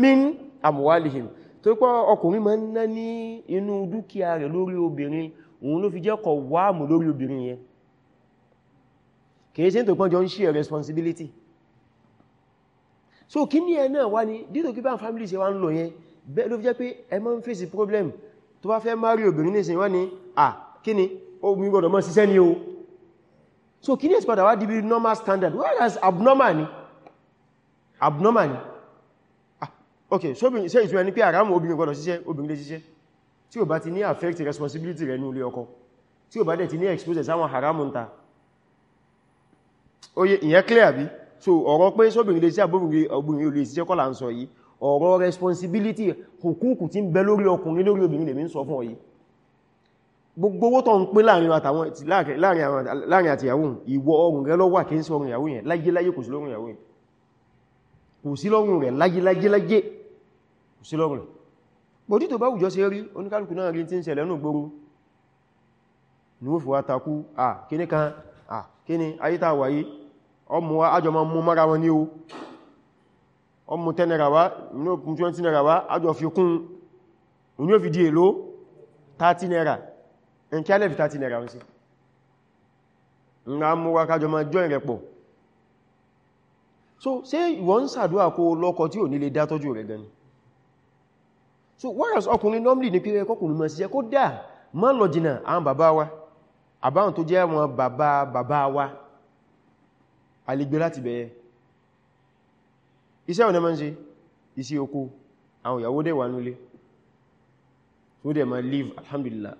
Speaker 1: min amwalihim tó pọ́ ọkùnrin máa ń ná ní inú dúkìá rẹ̀ lórí obìnrin òun ló fi jẹ́ kọ̀ wáàmù lórí obìnrin yẹn kìí ṣe tó pọ́njọ ń share responsibility so kí ní ẹ náà wá ní dídò kí bá ń family ṣe wá ń lọ yẹn bẹ́ẹ̀ ló fi jẹ́ pé ẹ máa ń fèsì problem tó bá fẹ́ marry obìnrin nìsìn wá ní à kí ni omi gbọdọ̀ mọ́ ṣiṣẹ́ ni o so kí ní ẹ̀sì padà wá normal standard whereas abnormal abnormal ok so obìnrin iṣẹ́ ìtúrẹ ní pé àrámù obìnrin gbọdọ̀ ṣiṣẹ́ obìnrin lè ṣiṣẹ́ tí ó bá ti ní affect responsibility rẹ̀ ní ilé ọkọ tí ó bá dẹ̀ ti ní expose sáwọn àrámù ń ta oye ìyẹn clear bí so ọ̀rọ̀ pé so, lè ṣiṣẹ́ obìnrin olè ṣiṣẹ́ kọ́ là ń sọ yìí ọ̀rọ̀ responsibility hukuku ti ń bẹ lórí ọkùnrin lórí obìnrin lèmi ń sọ fún ọ yìí gbogbo owó tó ń pín láàrin àtìyàwó ìwọ ọrùn rẹ ló wà kí ń sọ ọrùn ìyàwó yẹn láyé láyé kò sí lọ́rùn ìyàwó yẹn kò sí lọ́rùn rẹ̀ láyé láyé láyé sí lọ́rùn bòdí tó bá wùjọ sí rí oníkálùkù náà rí tí ń ṣẹlẹ̀ ní gbogbo ni ó fi wá takú à kíní kan à kíní ayíta wáyé ọmọ ajọ ma mú mara wọn ní o ọmọ 10 naira wá ní òkun 20 naira wá ajọ fi kún òní ò fi di èlò 30 so ṣé ìwọ ń ṣàdúrà kó lọ́kọ tí ò nílé dátọ́jú so whereas ọkùnrin normally ní pé ẹkọ́kùnrin mọ̀ sí ẹ kó dà mọ́ lọ jìnà àwọn bàbá wa àbáwọn tó jẹ́ wọn bàbá bàbá wa alìgbé láti bẹ̀ẹ́ iṣẹ́ ọ̀nà máa ń oko àwọn ìyàwó dẹ̀ wà nílé tó dẹ̀ máa live alhamdulillah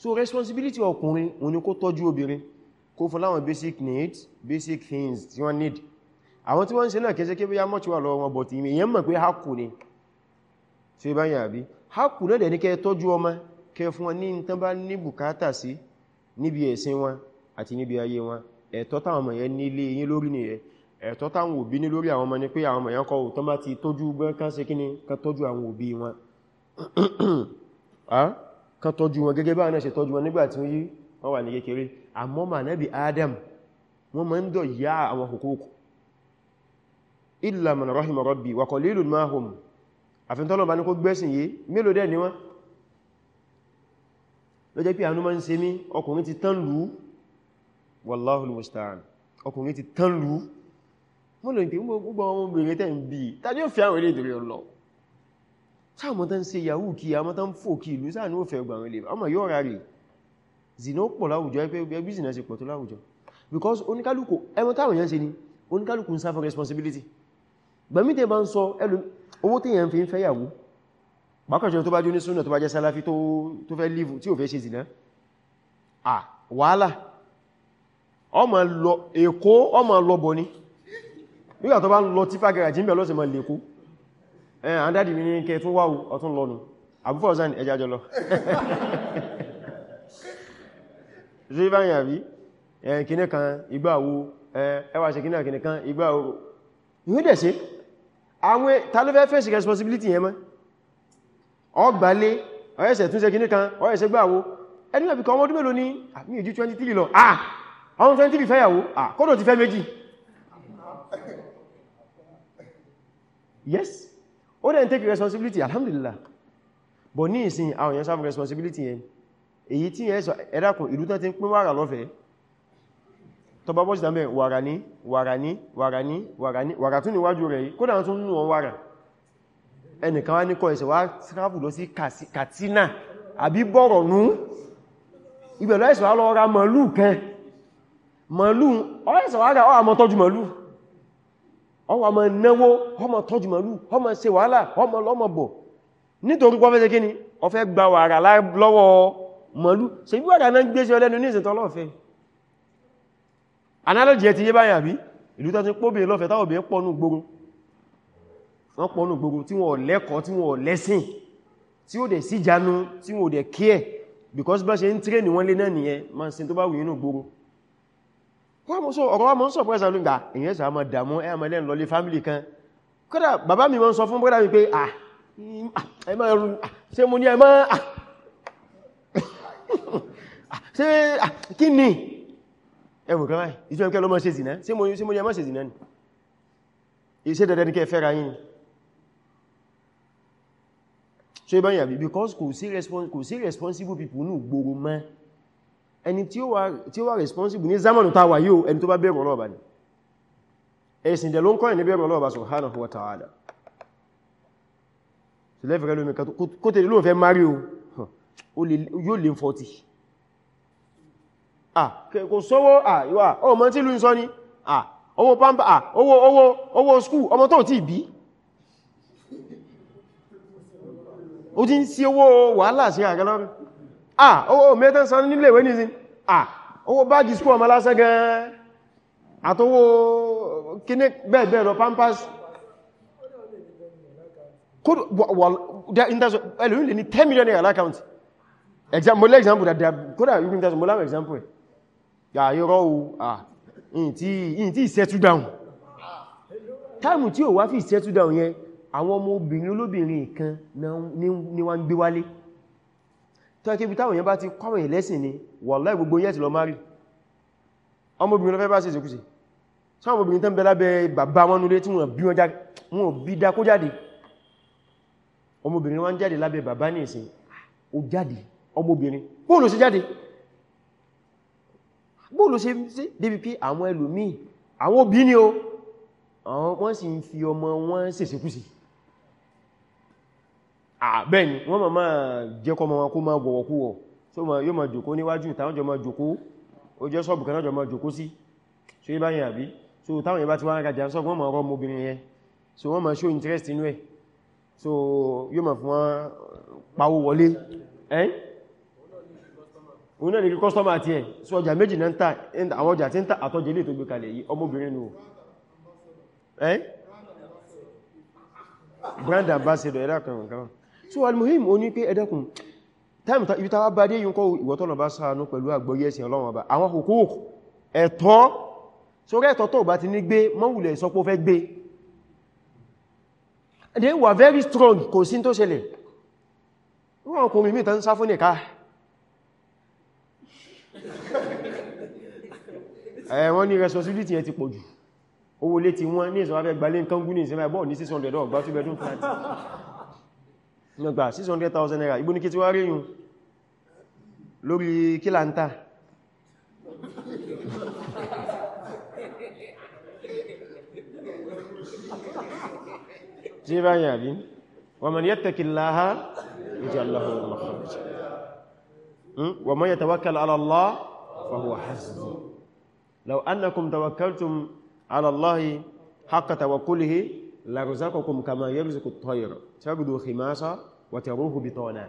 Speaker 1: so responsibility ọkùnrin òun ni kó tọ́jú obìnrin kó fún láwọn basic needs basic things tí wọ́n need àwọn tí wọ́n ń ṣe náà kẹsẹ́ kí bóyá mọ́tí wà lọ́wọ́ wọn bọ̀ tí ìyẹn mọ̀ pé hákù ni tí ó bá yà bí hákù náà dẹ̀ ní kẹ́ tọ́jú ọmọ kẹ fún wọn ní tán bá ní bùkátà sí níbi ẹ̀sìn wọn àti níbi ayé wọn ẹ̀tọ́ táwọn ọmọ yẹn nílé lórí òbí ní lórí àwọn ni pé àwọn tọ́jú illa man rahima rabbi wa qalilun ma hum àfintọ́lọ̀ bá ní kó gbẹ́sìn yìí mélòó dẹ̀ ni wọ́n ló jẹ́ pé àánú máa ń ṣe mí ọkùnrin ti tán lú wallahul musta'an ọkùnrin ti tán lú mọ́lò ní gbogbo ọmọ obìnrin tẹ́ ń bí tàbí ò fi àwọn ilé ìdìrí ọlọ sáàmọ́ tán ṣe yahoo kí because oníkálùkù ẹmọ táwọn yẹn ṣe ni oníkálùkù ń sá responsibility gbẹ̀mítẹ̀ bá ń sọ owó tí yẹn fi ń fẹ́yàwó bákàṣẹ́ tó bá jó ní súnà tó bá jẹ́ sálàfí tó fẹ́ lífù tí ò fẹ́ ṣe zìnà à wàhálà ọmọ lọ èkó ọmọ lọbọ ní nígbà tó bá ń lọ tí fagara jí ń bẹ̀ lọ́sẹ̀ mọ́ lèkó ẹ̀n àndádì mi ní kẹ tún wáwù ọtún lọ́nu àbúfọ́ ọ̀sán ẹjá jọ lọ kìnnìkan ìgbà wo ẹwà ṣe kìnnìkan ìgbà wo ìwé dẹ̀ ṣe àwọn ta ló fẹ́ fèsì responsibility yẹn mọ́ ọgbàlé ọ̀yẹ́sẹ̀ tún ṣe kìíní kan ọ̀yẹ́sẹ̀ gbàwó ẹni àbí kan ọmọdún mélòó ní àmì ìjú 23 lọ ah ọmọ 23 fẹ́yàwó ah kọ́dọ̀ ti fẹ́ méjì yes ó dẹ̀ ń take responsibility alhamdulillah bọ̀ ní ìsìn àwọn èèyàn sáfù responsibility yẹn èyí tí yẹn sọ ẹ̀dàkùn ìlú tán ti ń pín wàrà lọ́fẹ̀ẹ́ tó bá bọ́sì dámẹ́ wàrà ní wàrà ní wàrà ní wàrà ní wàrà tún níwájú rẹ̀ yìí kódà tún nù wọn wàrà ẹnìkan wá ní kọ́ ẹ̀sẹ̀ wá travel lọ sí Katsina àbí Bọ̀rọ̀nú ìgbẹ̀lọ́ ẹ̀sẹ̀ wá lọ ra màálù kẹ màálù ọ̀rẹ́sẹ̀ wá ra ọ́ àmọ́ tọ́jú màálù ọwọ́ àmọ́ náwó ọmọ tọ́jú màálù ọmọ ni ó fẹ́ gba wàrà lọ́wọ́ analogy ẹ ti yé báyà bí ìlú tó ti pọ́bẹ̀ lọ́fẹ́ táwọn obìnrin pọ̀nù gbogbo wọ́n pọ̀nù gbogbo tí wọ́n lẹ́kọ̀ọ́ tí wọ́n lẹ́sìn tí ó dẹ̀ sí janu tí wọ́n dẹ̀ care because bá ṣe ń tírẹ̀nì wọ́n lé náà nìyẹn ma ń sin tó bá wù inú gbogbo ọ̀rọ̀ wa mọ́ ń sọ̀pọ̀ ẹ̀sà lóńgbà èyàn ah, sà mọ́ dàmú ẹ̀mọ́lẹ́ lọlé fámílì kan kódà bàbá mi mọ́ ń sọ fún bọ́dà mi pé ah, ah ṣe mo ní ẹ̀mọ́ ah, ah ṣe kí ni ẹwùn kan báyìí ìjọ ẹ̀kẹ́ lọ mọ́ sí mo yẹ mọ́ ṣe ni iṣẹ́ dẹ̀dẹ̀ ní kẹ́ fẹ́ra yìí ṣe bá yàbí because kò sí responsible people ní gbogbo mọ́ ẹni tí ó wà responsible ní zamanu ta wà yóò ẹni tó bá bẹ̀rù ọlọ́ọ̀bá ni ẹ̀sìn dẹ̀ ló ń kọ́ ẹni bẹ̀rù ọlọ́ọ̀bá subhanahu wa ta'ala yóò lè 40 Ah, kò sówó àìwà ah, ọmọ tí lú ń sọ ní ah, owó pampa owó owó owó skú ọmọ tó tí bí ó ti ń sí owó wàhálà sí àgẹ́lọ́rùn ah owó mẹ́tàn san nílé ìwé nìsín ah owó báàgì skú ọmọ lásán gan àtọwó kíní bẹ́ẹ̀bẹ́ẹ̀ lọ pampas kúrò ẹlùmí lè ní 10 million naira account example example that kódà you can tell me example yàyọ́rọ̀ o in ti settle down táìmù tí ò wá fi settle down yẹn àwọn ọmọ obìnrin olóbìnrin kan ni wọ́n ń gbé wálé tọ́kébí táwọn yẹn bá ti kọ́wọ̀ yẹn lẹ́sìn ni wàláhì gbogbo yẹ́ ti lọ márì ọmọbìnrin lọ fẹ́ bá sí ìsìnkúsì tí àwọn obìnrin tán bẹ lábẹ́ bàbá wọn nulé tí wọ́n bí dákó jáde ọmọbìnrin wọ́n jáde lábẹ́ bàbá ní ìsìn ó jáde ọmọbìnrin bóòlù sí jáde bóòlù se sí débi pé àwọn ẹlòmíì àwọn òbí ni o àwọn wọ́n sì ń fi ọmọ wọn ṣèṣekúṣe àbẹ́ni wọ́n mọ̀ máa jẹ́kọ́ mọ́ wọn kó máa gbọ̀wọ̀kúwọ̀ so yóò máa jòkó níwájú táwọn jọ máa jòkó ó jẹ́ sọ́ọ̀bù kanáà jọ máa jòkó sí so yí báyìí àbí so táwọn yẹn bá ti wá rájà sọ́ọ̀bù wọ́n máa rọ́ mobìnrin yẹn so wọ́n máa show interest inú ẹ̀ so yóò máa fún wọn pawó wọlé ẹ́yìn òun náà ní kí kọ́stọ́mà àti ẹ̀ sí ọjà méjì náà ń tà àwọn ọjà tí ń tà àtọ́jẹ́ ilé tó gbé kalẹ̀ yìí ọmọbìnrin nù ẹ́ brand ambassador ẹ̀dà kan kan so almuhim o ní pé ẹ̀dẹ́kùn time ibi ta wá bá dé yínkọ́ ìwọ̀tọ́nà bá ṣàánú pẹ̀lú àgbọ́yé ẹ̀sìn Ọlọ́run ọba àwọn hukuk ẹ̀tọ́ sórí ẹ̀tọ́ tó bá ti ní gbé mọ́wùlẹ̀ ìsọpọ̀ fẹ́ they were very strong kò sí tó ṣẹlẹ̀ wọn kò mímí tán sáfún nìkáà Eh, wọ́n ní responsibility ẹ ti pọ̀ jù owó lé ti wọ́n ní ìsọ̀wọ́fẹ́ gbalé nǹkan gún ní ìsinmi ní 600 ọgbà tí bedroom flat nígbà 600,000 naira igbó ní kí ti wá ríyùn lórí kílàntà tí báyìí àbí wa man yattaqillaha yaj'al lahu law annakum tawakkaltum ala Allahi haqqa tawakkulihi larzaqakum kama yarzuqu at-tayr taghdu khimasa wa taruhu bitana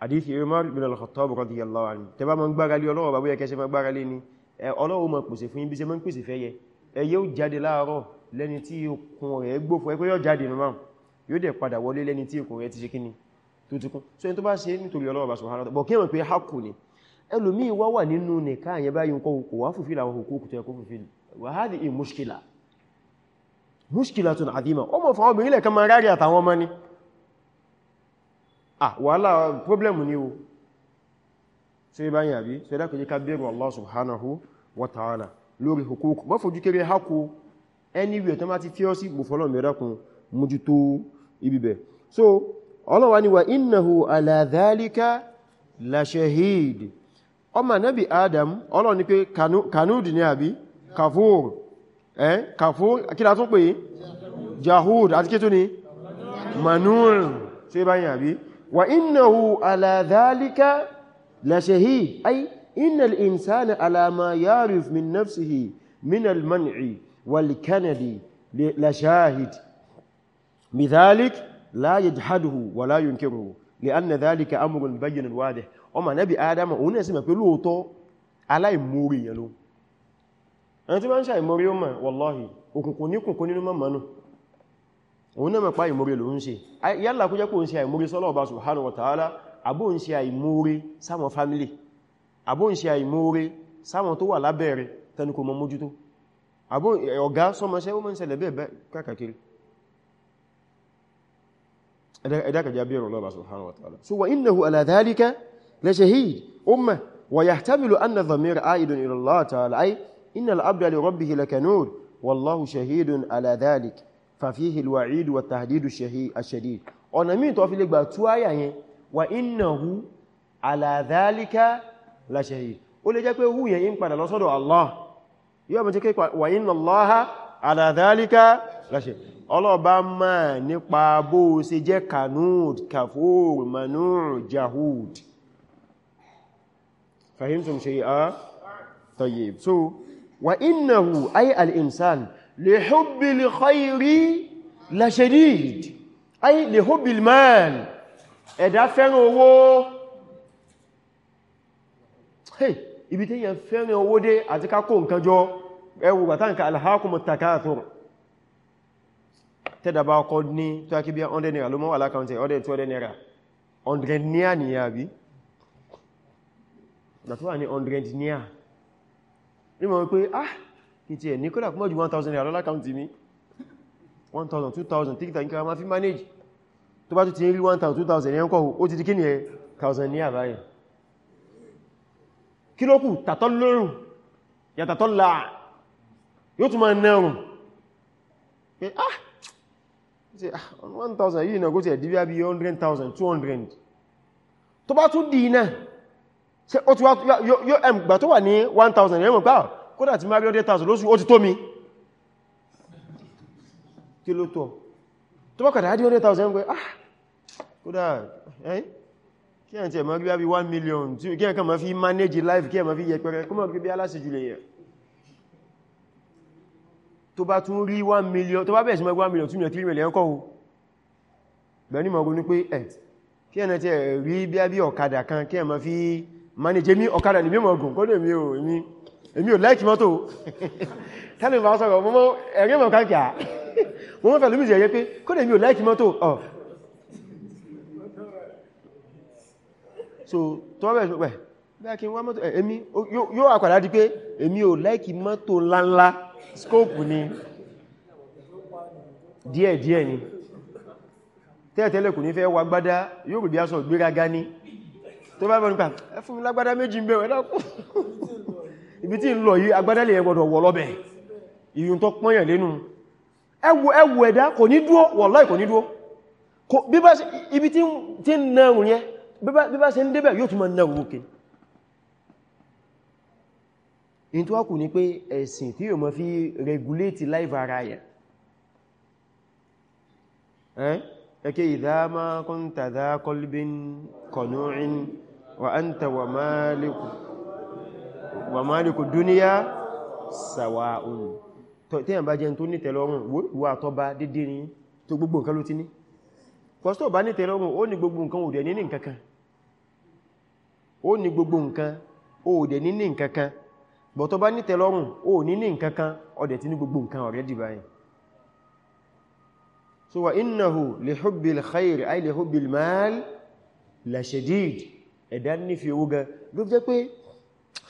Speaker 1: hadith Umar ibn al-Khattab radiyallahu anhu tẹ́ bá man gbára lé Ọlọ́run bá bóyá kẹ́ ṣe man gbára lé ni Ọlọ́run ma pèsè fún bí ṣe man pèsè fẹ́yẹ ẹyẹ ó jáde láàárọ̀ lẹ́ni tí okùn rẹ̀ gbófo ẹ pé yó jáde nu maun yó dẹ̀ padà wọlé lẹ́ni tí okùn rẹ̀ ti ṣe kíni tó ti kún so en tó bá ṣe nítorí Ọlọ́run bá subhanahu wa ta'ala bó kẹ́ mọ̀ pé hakku ni ẹlòmí wá wà nínú nìká àyẹ báyìí kò wá fùfíl àwọn hukuku tó yẹ kó fùfíl wà hádì in mushkila mushkilatun adhima ó mọ̀ fún obìnrin lẹ́kan máa rárí àtàwọn ọmọ ni ah wàhálà problem ni o ṣe báyìí àbí ṣe dákò anywhere tó má ti fíọ́ sí gbòfọ́lọ́ so ọlọ́wà ni wa innahu ala dhalika la shahid ọmọ nabi adam ọlọ́run ni pé kanúdì ní àbí kafur eh kafur kíra tún pé jahud àti kí tó ní manur tí bá yìn àbí wa innahu ala dhalika la shahid ay innal insana ala ma yarif min nafsihi min al-man'i wal kanadi la shahid la yajhaduhu wa la yunkiruhu li anna dhalika amrun bayyin wadih ọmọ nẹ́bí adama òun náà sì mọ̀ pé lóòótọ́ aláìmoore èèyàn ló ẹni tí bá ń ṣàìmoore ó mọ̀ wallahi òkùnkùn ní kùnkùn nínú mọ̀mọ̀nù òun náà mọ̀pá ìmoore ló ń ṣe yálà kó jẹ́ kó ń ṣe àìmoore sọ́lọ́ọ̀bá subhanahu wa ta'ala àbó ń ṣe àìmoore sáwọn family àbó ń ṣe àìmoore sáwọn tó wà lábẹ́ẹ̀rẹ̀ tẹni kò mọ mójútó àbó ọ̀gá sọmọṣẹ́ ó mọ́ ń ṣẹlẹ̀ bí ẹ̀rọ lọ́ba subhanahu wa so wa innahu ala dhalika لشهيد أمة ويحتمل أن الضمير عائد إلى الله تعالى أي إن العبد لربه لكنود والله شهيد على ذلك ففيه الوعيد والتهديد الشديد ọ̀nà míì tó fi lè gbà tú àyà yẹn wà innahu ala dhalika la shahid ó lè jẹ́ pé hù yẹn ń padà lọ́sọ́dọ̀ Allah yíò mọ̀ jẹ́ pé wà inna Allaha ala dhalika la shahid ọlọ́ọ̀bá máa nípa bó ṣe jẹ́ kanud kafur manur jahud fahimtum shay'a tayyib so wa innahu ay al-insan li hubbi al-khayri la shadid ay li hubbi al-mal ẹ̀dá fẹ́ràn owó hey ibi te yan fẹ́ràn owó dé àti ká kó nǹkan jọ ẹ wò gba tan ka alhaakum at-takathur te da ba 100 naira lo mo wala 100 naira 100 naira ni ya bi ìgbà tó wà ní 100 ní à ní mọ̀ wípé ah kí ti ẹ̀ ní kódà púpọ̀ jù 1000 naira lọ́lá káùntì mi 1000 2000 tíkítà ní kíra ma fi manage tó bá tó ti rí 1000 2000 ní ẹnkọ́ ó ti di kí ni ẹ 1000 ní àbáyẹ̀ kí ló kù tàtọ́ lórùn yàtàtọ́ là yóò tún máa nẹrùn pé ah 1000 ah, yìí náà kó ti ẹ̀ dí bí 100,000 200 tó bá tún dì náà ṣe ó ti wá yóò ẹm gbà tó wà ní 1000 ẹ̀mọ̀ gbà ah, kódà ti mario 1000 lóṣù ó ti tó mi kí ló tọ́ tó bọ́kàdà á dí 1000 ẹ̀mọ̀ ah kódà ẹ́ kí ẹ̀ tí ẹ̀mọ̀ gbígbá bí 1 million tí kí ẹ̀kọ́ ma fi manage life kí ẹ̀mọ̀ fi yẹ pẹ̀rẹ̀ kó mọ̀ gbígbá aláṣẹ́jù lè yẹ tó million tó bá bẹ̀ẹ̀ sí mọ́ 1 million 2 million 3 million ẹ̀kọ́ o bẹ̀ẹ́ ní mọ̀ ronú pé kí ẹ̀nà tí ẹ̀ rí bí ọ̀kadà kan kí ẹ̀mọ̀ fi ma ní jẹmí ọ̀kadà ní mímọ̀ ọgùn kọ́dọ̀ èmi ò èmi ò láìkì mọ́tò tẹ́lẹ̀ bá sọ̀rọ̀ mọ́ ẹ̀rẹ́ mọ̀ káàkì àá wọ́n mọ́ fẹ̀lú mìíràn yẹ pé kọ́dọ̀ èmi ò láìkì mọ́tò ọ̀ so tọ́rẹ̀ sọ pẹ̀ bẹ́ẹ̀kí wọ́n mọ́tò èmi yóò àkọ̀dá di pé èmi ò láìkì mọ́tò ńláńlá scope ni díẹ̀díẹ̀ ni tẹ́ẹ̀tẹ́lẹ̀ kò ní fẹ́ wagbádá yóò rí bí aṣọ ìgbéraga ni tó bá bẹ̀rù pà ẹ fún mi lágbádá méjì ń bẹ̀rẹ̀ dákú ibi tí ń lọ yìí agbádá lè gbọdọ̀ wọ̀ lọ́bẹ̀ ìyún tó pọ́nyẹ̀ lẹ́nu ẹwù ẹwù ẹ̀dá kò ní dúó wallahi kò ní dúó ibi tí ń na òun yẹn bí bá ṣe ń débẹ̀ yóò tún ma na òun òkè in tó wá kù ní pé ẹ̀sìn tí yóò mọ́ kọ́ntàdá kọlbin kọ̀núrin wa anta wa maliku wa maliku duniya sawa'un tó te yan bá jẹ́ tó ní tẹ́lọ́rùn wa tó bá dédé ni tó gbogbo nǹkan ló ti ní ko tó bá ní tẹ́lọ́rùn ó ní gbogbo nǹkan ó dẹ̀ ní ní nǹkan kan ó ní gbogbo nǹkan ó dẹ̀ ní ní nǹkan kan bó tó bá ní tẹ́lọ́rùn ó ti ní gbogbo nǹkan already báyìí so wa innahu li khair ay li mal la shadid ẹ̀dá nífẹ̀ẹ́ owó gan ló jẹ́ pé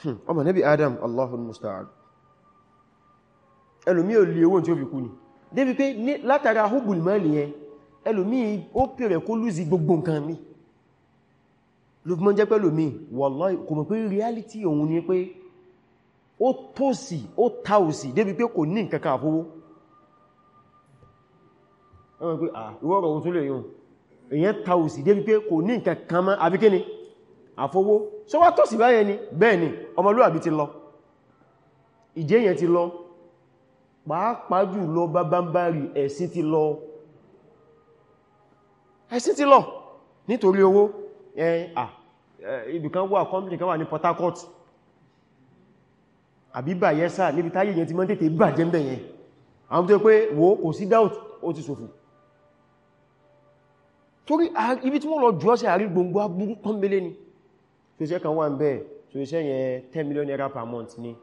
Speaker 1: hmm, ọmọ nẹ́bí Adam Allahul musta'an ẹlòmí ò lè owó tí ó fi kú ni débi pé látara hubul mali yẹn ẹlòmí ó pèrè kó lùzí gbogbo nǹkan mi ló fi mọ́ jẹ́ pẹ́lòmí wallahi kò mọ̀ pé reality òun ni pé ó tòsí ó tàòsí débi pé kò ní nǹkan kan ẹwọ́n pé à ìwọ́rọ̀ ohun tó lè yùn èyàn tàòsí débi pé kò ní nǹkan kan mọ́ àbíkíni àfowó so wá tọ́sí báyẹn ni bẹ́ẹ̀ ni ọmọlúwàbí ti lọ ìjẹyẹn ti lọ pàápàá jù lọ bábámbárì ẹ̀sìn ti lọ ẹ̀sìn ti lọ nítorí owó ibìkan wà company kan wà ní Port Harcourt àbí Bayelsa níbi táyé yẹn ti mọ́ tètè bàjẹ́ mbẹ̀ yẹn àwọn tó pé wo torí ibi tí wọ́n lọ jù ọ́ àrí gbogbo agbúrú kan mẹ́lẹ́ ni so kan wà ń bẹ́ẹ̀ so iṣẹ́ yẹn 10 million naira per month ni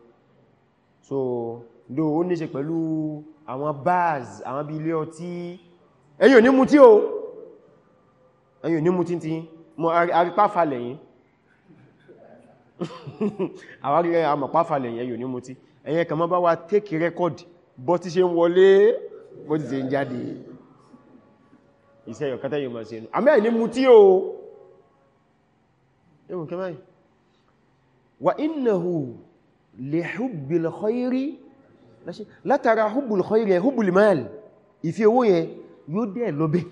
Speaker 1: so ló ó níṣe pẹ̀lú àwọn bars àwọn bí ilé ọtí ẹ̀yin ò ní mutí o ẹ̀yin ò ní mutí tí mọ́ arípáfà lẹ́yìn àwárí àmọ̀páfà lẹ́yìn ẹ̀yin ò ní bá wa take record bọ́ ti ṣe ń wọlé bó ti ṣe ń jáde iṣẹ́ yọ̀kátẹ́ yóò máa ṣe nù àmẹ́ ẹ̀ ní mutí o ẹwọ̀n kẹ báyìí wa innahu li hubbil khayri látara hubbul khayri hubbul mal ìfi owó yẹn yóò dẹ̀ lọ́bẹ̀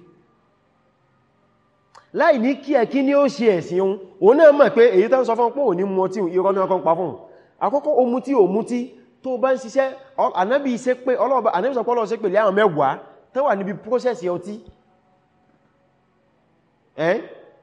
Speaker 1: láì ní kí ẹ kí ní ó ṣe ẹ̀sìn ohun òun náà mọ̀ pé èyí tán sọ fún pọ̀ ní mú ọtí irọ́ náà kan pa fún àkọ́kọ́ o mú tí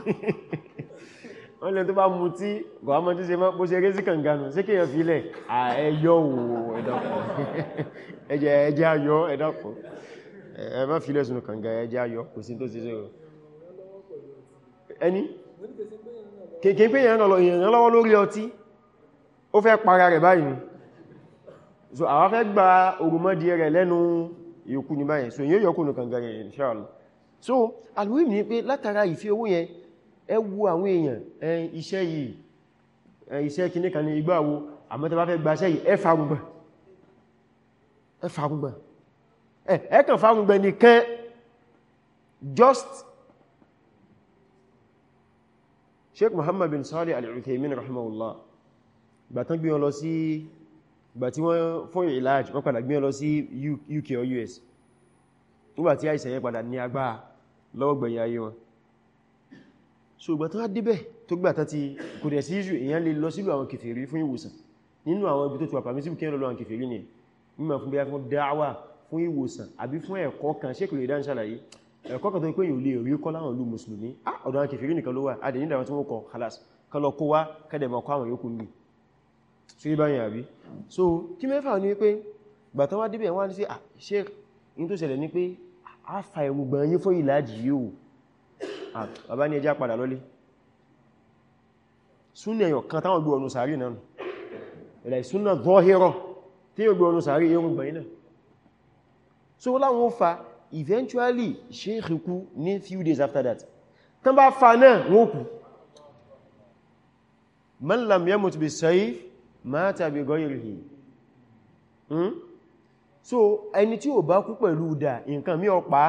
Speaker 1: wọ́n lè tó bá mú tí gọ́ọ̀mọ́ tí ṣe mọ́ bó ṣe rí sí kàngánù sí kíyàn fílẹ̀ ẹ̀yọ́ òwò ẹ̀dọ́kọ̀ ẹjẹ́ ayọ́ ẹ̀dọ́kọ̀ ẹ̀mọ́ fílẹ̀ sínú kàngá ẹjẹ́ ayọ́ kò sí tó ṣe ṣe ẹni kèké pé èèyàn lọ́wọ́ so àwọn fẹ́ gba ògùnmọ́dí rẹ̀ so yóò ni pé látara ìfẹ́ owó ẹ wo àwọn èèyàn iṣẹ́ yìí iṣẹ́ kìíní kan ní ìgbàwo àmọ́ tẹ́ bá fẹ́ gbaṣẹ́ yìí ẹ farugbọ̀n ẹ farugbọ̀n ẹ kàn farugbọ̀n nìkan just Sheikh Muhammad bin Salih al-Uthaymin rahimahullah gbàtán gbé wọn lọ sí gbàtí wọ́n fún ìlàj wọ́n padà gbé lọ sí UK or US nígbàtí àìsàn yẹn padà ní agbára lọ́wọ́gbẹ̀yà ayé so ìgbà tó wá débẹ̀ tó gbà tán ti kò dẹ̀ sí ìṣù èyàn lè lọ sílù àwọn kèfèrí fún ìwòsàn nínú àwọn ibi tó ti wà permissible kí ẹ̀rọ àwọn kèfèrí ni mímọ̀ fún bíyà fún dáwà fún ìwòsàn àbí fún ẹ̀kọ́ kan ṣe kìlò ìdáhùn ṣàlàyé ẹ̀kọ́ kan tó pé yìí lè rí kọ́ láwọn ìlú mùsùlùmí ah, ọ̀dọ̀ àwọn kèfèrí nìkan ló wà adì ní ìdàwọn tí wọ́n kọ halas kan lọ kó wá kẹ́dẹ̀ mọ̀ kọ́ àwọn yòókù mi so yí báyìí àbí so kí mẹ́fà ni pé gbà tán wá débẹ̀ wọ́n á ní sí ṣe ah, in tó ṣẹlẹ̀ ni pé a fa ẹ̀rùgbọ̀n yí fún ìlàjì yìí Ah, bàbá ní ẹjá padà lọ́lé súnà èyàn kan táwọn gbé ọ̀nù sàárì náà ẹ̀lá ìsúnà zọ́hírọ̀ tí yóò gbé ọ̀nù sàárì irun gbẹ̀yìn náà so láwọn ó fa eventually sheikh kú ní few days after that tán bá fa náà wọ́n kú man lam yamut bi sayf mata bi ghayrihi hmm? so ẹni tí ò bá kú pẹ̀lú dà nǹkan mí ọ̀pàá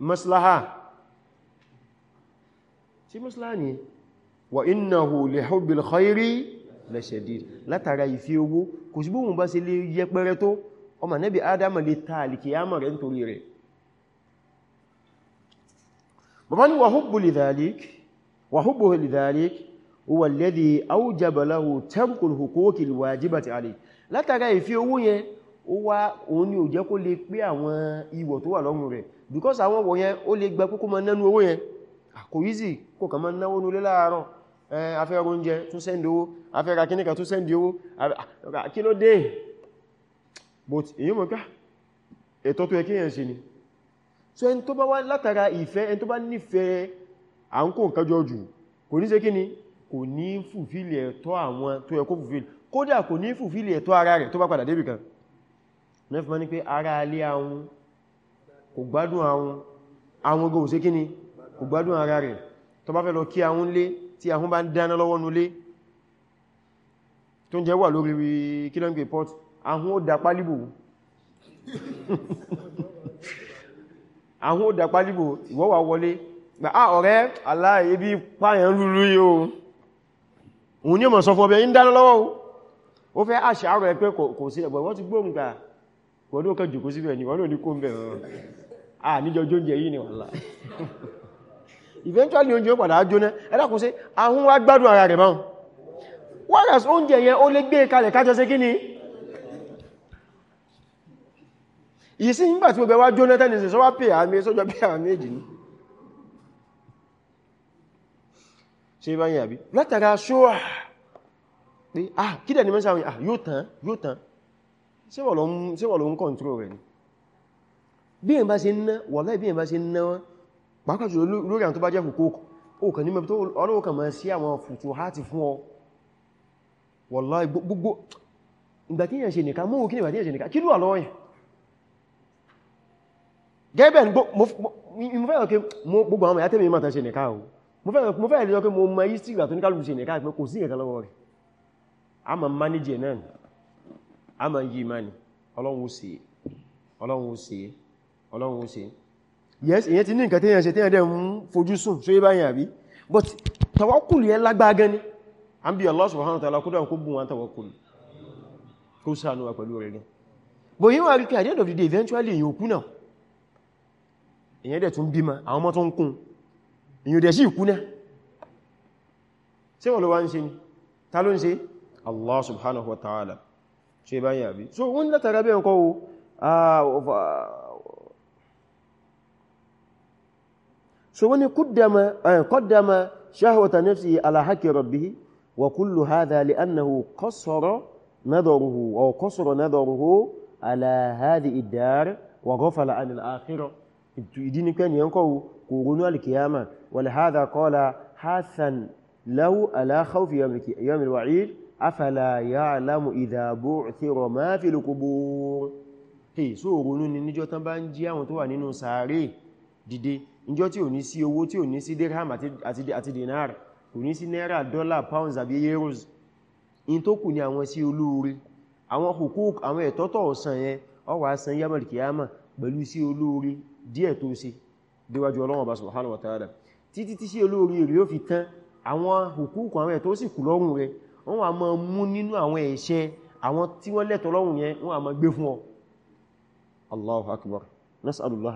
Speaker 1: maslaha tí maslaha ni wa innahu li hubbil khairi la shadid látara ìfẹ́ owó kò sí bóhun bá ṣe lè yẹpẹrẹ tó ọmọ nẹ́bí adama lè ta alìkìyàmọ̀ rẹ̀ nítorí rẹ̀ bàbá ni wa hubbu li dhalik wa hubbu li dhalik huwa alladhi awjaba lahu tarkul huquqi alwajibati alayhi látara ìfẹ́ owó yẹn ó wá òun ni ò jẹ́ kó lè pé àwọn ìwọ̀ tó wà lọ́rùn rẹ̀ because àwọn wọ̀ yẹn ó lè gbẹ kókó mọ́ nánú owó yẹn ah, kò easy kò kàn mọ́ náwó nulé láàárọ̀ eh, afẹ́ oúnjẹ tún sẹ́ndì owó afẹ́ ra kíníkà tún sẹ́ndì owó ah, kí ló dé but èyí mọ̀ ká ah, ẹ̀tọ́ tó ẹkẹ́ yẹn ṣe ni so ẹn tó bá wá látara ìfẹ́ ẹn tó bá nífẹ̀ẹ́ à ń kó nǹkan jọ jù kò ní ṣe kí ni kò ní fùfílì ẹ̀tọ́ àwọn tó yẹ kó fùfílì kódà kò ní fùfílì ẹ̀tọ́ ara rẹ̀ tó bá padà débì kan nẹ́fìmọ́ ní pé ara alé àwọn kò gbádùn àwọn àwọn ogun òsé kíni kò gbádùn ara rẹ̀ tó bá fẹ́ lọ kí àwọn lé tí àwọn bá ń dáná lọ́wọ́ nulé tó ń jẹ́ wà lórí kílọ́ǹgì port àwọn ó dà pálíbò àwọn ó dà pálíbò ìwọ wà wọlé gbà á ah, ọ̀rẹ́ aláàyè bí páyàn lúlú yóò òun ni ó mọ̀ sọ fún ọbẹ̀ ń dáná ni wọ́n ló à ah, níjọ jóúnjẹ yìí ni wàlá eventually oúnjẹ padà jóná ẹ̀dàkùn sí àwọn wá gbádùn ara rẹ̀ báhùn whereas oúnjẹ yẹn ó lé gbé e kalẹ̀ kájọ sí kíní yìí sí nígbà tí mo bẹ wá jóná tẹ́nìsì sọ́wá pè àmì sójọ pé àmì èjì ní ṣe bá yàbí látara ṣóà ah, pé ah kí ni mẹ́sàn-án ah, yóò tán yóò tán ṣé wọ́n lọ ń control rẹ̀ ni bí èyàn bá ṣe ná wàláhì bí èyàn bá ṣe ná wọn pàápàá jùlọ lórí àwọn tó bá jẹ́ hùkókù ó kàn ní mẹ́bí tó ọlọ́wọ́ kàn máa sí àwọn fùtù háti fún ọ wàláhì gbogbo ìgbà tí èyàn ṣe nìkan mú kí nígbà tí èyàn ṣe nìkan kí ló wà lọ́wọ́ yẹn gẹ́bẹ̀ mo fẹ́ ọ̀kẹ́ gbogbo àwọn ìyátẹ́mì ìmọ̀ tán ṣe nìkan o mo fẹ́ ẹ̀lẹ́ ọkẹ́ mo mọ yí sí ìgbà tó ọlọ́run ó ṣe é ọlọ́run ṣe yes ìyẹn ti ní nǹkan tẹ́yàn ṣe tẹ́yàn dẹ̀ ń fojú sùn ṣó yé báyìí àbí but tawakkul yẹn lágbára gan ni a ń bí Allah subhanahu wa ta'ala kó dáwọn kó bùn wọn tawakkul kó ṣàánú wa pẹ̀lú rẹ̀ gan but yíwọ̀n àríkẹ́ at the end of the day eventually èyàn òkú náà èyàn dẹ̀ tún bímọ àwọn ọmọ tó ń kún èyàn dẹ̀ sí ìkú náà ṣé wọ́n ló wá ń ṣe ni ta ló ń ṣe Allah subhanahu wa ta'ala ṣe báyìí àbí so wọ́n látara bẹ́ẹ̀ kọ́ so wọ́n ni kuddama shahwata nafsihi ala haqqi rabbihi wa kullu hadha li annahu qasara nadaruhu wa qasara nadaruhu ala hadhi ad wa ghafala 'an al-akhirah ìdí ni pé ni ńkọ́ kò ronú al-qiyama wa li hadha qala hasan law ala khawfi yawm al-wa'id afala ya'lamu idha bu'thira ma fi al-qubur hi so ronú ni níjọ́ tán bá ńjí àwọn tó wà nínú sare dìde níjọ́ tí ò ní sí owó tí ò ní sí dirham àti dinar kò ní sí náírà dọ́là pounds àbí euros in tó kù ní àwọn sí olóore àwọn hukuk àwọn ẹ̀tọ́ tó ọ̀sán yẹn ó wá san yamal kiyama pẹ̀lú sí olóore díẹ̀ tó sí déwájú Ọlọ́run Ọba subhanahu wa ta'ala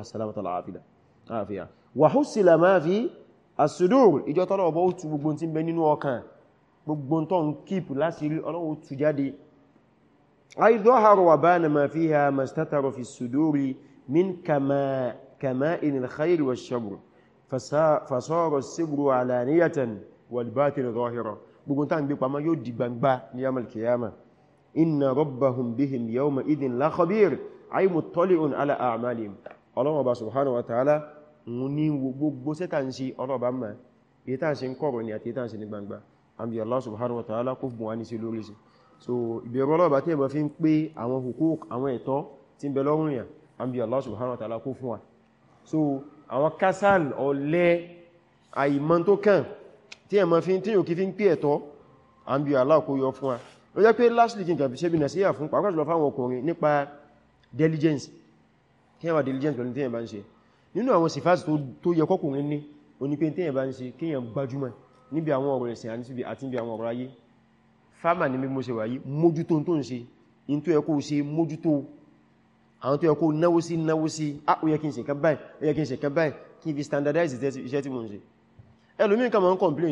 Speaker 1: salamata al'afida afiya wàhúsìlà máa fi àsùdúrù ìjọ tọ́lọ̀ ọ̀bọ̀ ó tú gbogbo tí ń bẹ nínú ọkàn gbogbo tó ń kíìpù láti rí Ọlọ́run ó tú jáde àìdọ́hàrù wà bá na máa fi ha mastataro fi sùdúrì min kama inil wa shabru fasọ́rọ̀ síbúrú alaniyatan wa ta'ala òun ní wo gbogbo sẹ́tà ń ṣe ọlọ́ọ̀bá mọ̀ èyí tà ń ń kọ̀rọ̀ ni àti èyí tà ń ṣe ní gbangba àbí Allah fún wa so ìbẹ̀rù ọlọ́ọ̀bá tí ẹ̀mọ́ fi hukuk àwọn ẹ̀tọ́ tí ń bẹ lọ́rùn yàn àbí so àwọn kásán ọ̀lẹ àìmọ́ tó kàn tí ẹ̀mọ́ fi ń tí yòó kí fi ń pé ẹ̀tọ́ àbí Allah kó yọ fún wa ó diligence kí wọ́n diligence pẹ̀lú tí ẹ̀mọ́ ń ṣe nínú àwọn sifas tó yẹ kọkùnrin ní onípe tí èyàn bá ń ṣe kíyàn gbajúmọ̀ níbi àwọn ọ̀rọ̀ ẹ̀sìn àti níbi àwọn ọ̀rọ̀ ayé fáàmà ní mímọ̀ ṣe wà yí mójútó tó ń ṣe in tó yẹ kó ṣe mójútó àwọn tó yẹ kó náwó sí náwó sí ah ó yẹ kí n ṣe kan báyìí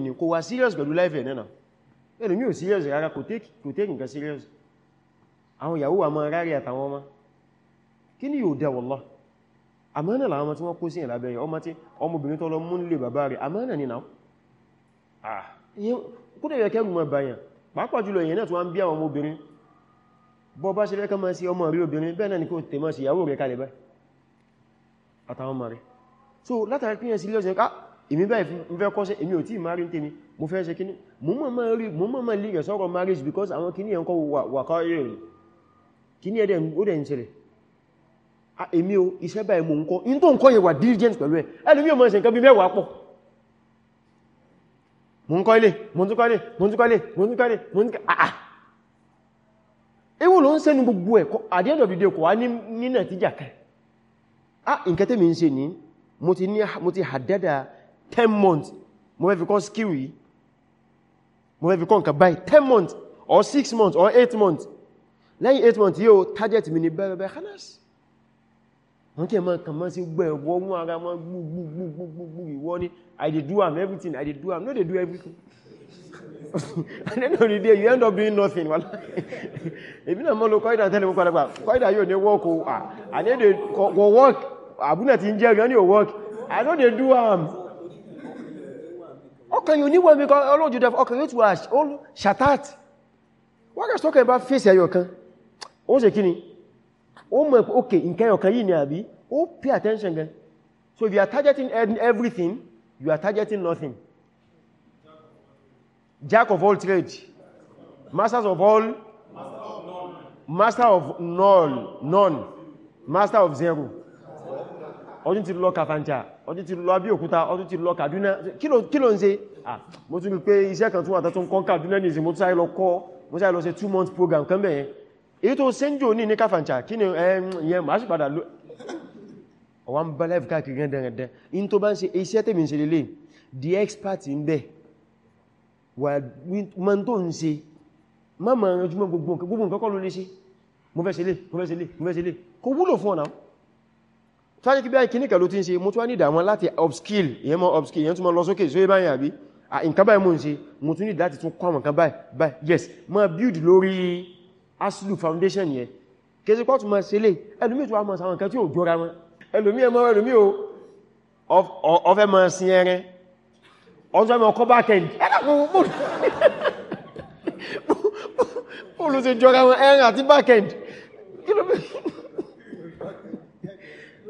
Speaker 1: ni kò wá serious pẹ̀lú life ẹ̀ náà ẹlòmí ò yóò dá àmánà làwọn ọmọ tí wọ́n kó sí ìlàbẹ̀yìn ọmọ tí ọmọbìnrin tó lọ mú nílé bàbá rẹ̀ àmánà nínà kúrò yẹ kẹrù mọ̀ bàyàn pàápàá jùlọ èyàn náà tó wá ń bí àwọn ọmọbìnrin bọ́ bá ṣe rẹ́kọ́ máa sí ọmọ rí obìnrin bẹ́ẹ̀ ni kò tèmọ́ sí ìyàwó rẹ̀ kalẹ̀ báyìí so látàrí pínyàn sí lọ́sẹ̀ ká èmi báyìí ń fẹ́ kọ́ṣẹ́ èmi ò tí ìmárí tèmi mo fẹ́ ṣe marriage because àwọn kíní ẹ̀ ń kọ́ wà kọ́ rẹ̀ Ah, èmi o iṣẹ́ báyìí mo ń kọ́ in tó ń kọ́ yẹ wà diligence pẹ̀lú ẹ̀ ẹlùmí o mọ́ ṣe nǹkan bí mẹ́wàá pọ̀ mo ń kọ́ ilé mo ń tún kọ́ ilé mo ń tún kọ́ ilé mo ń tún kọ́ ilé mo ń tún kọ́ àà ah, ah. ewu ló ń sẹ́nu gbogbo ẹ̀ at kò wá ní nàtíjà kan ah nǹkan tẹ́mi ń ṣe ní mo ti ní mo ti hadada 10 months mo fẹ́ fi kọ́ skill yìí mo fẹ́ fi kọ́ nǹkan báyìí 10 months or 6 months or 8 months lẹ́yìn 8 months yóò target mi ní bẹ́ẹ̀bẹ́ẹ̀ khalas wọ́n kẹ́ mọ́ kàn mọ́ sí gbọ́ ẹ̀wọ́ mú ara mọ́ gbogbogbogbogbò ìwọ́ ní i did do am everything i did do am no dey do everything and then on the day you end up doing nothing wala ebi na mọ́ lo kọ́ìdà tẹ́lẹ̀ mú padà kọ́ìdà yóò ní work o ah i no dey go work àbúnà ti ń jẹ́ gan ní o work i no dey do am ọkàn yóò níwọ̀n mi kan olóòjú dẹ ọkàn yóò ti wà ṣàtàt wọ́n kẹ́ sọ́kàn bá fèsì ẹyọ kan ó ṣe kí ni ó mọ̀ pé ok nǹkan ọ̀kan yìí ni àbí ó pay attention gan so if you are targeting everything you are targeting nothing jack of all trades masters of all master of none none master of zero ọdún ti lọ kàfàǹtà ọdún ti lọ Abẹ́òkúta ọdún ti lọ Kaduna kí ló ń ṣe ah mo tún rí pé iṣẹ́ kan tún wà kọ́ Kaduna ní ìsìn tún sáré lọ kọ́ mo sáré lọ ṣe two month program kan bẹ́ẹ̀ èyí tó sẹ́njò ní ní káfàǹchà kí ni ẹ̀yẹn eh, máa sì padà ló ọwá ń bá láìfì káàkiri gẹ́gẹ́gẹ́ in tó bá ń ṣe iṣẹ́ tèmi ṣe lélẹ̀ the expert ń bẹ wà mọ́ tó ń ṣe má ma ránjúmọ́ gbogbo nǹkan kọ́ ló lè ṣe mo fẹ́ ṣe lè mo fẹ́ ṣe lè mo fẹ́ ṣe mo tó wá ní ìdàmọ́ láti upskill ìyẹn mọ́ upskill ìyẹn tó mọ́ lọ sókè yes mo build lórí aslu foundation yẹ kẹsí pọ́tù ma ṣe lè ẹlòmí tó wà mọ̀ sàwọn kan tí ó jọra wọn ẹlòmí ẹmọ ẹlòmí o ọfẹ́ ma sin ẹrẹ ọjọ́ ẹmọ ọkọ́ bákẹ̀ndì ẹlòmí ṣe jọra wọn ẹrẹ àti bákẹ̀ndì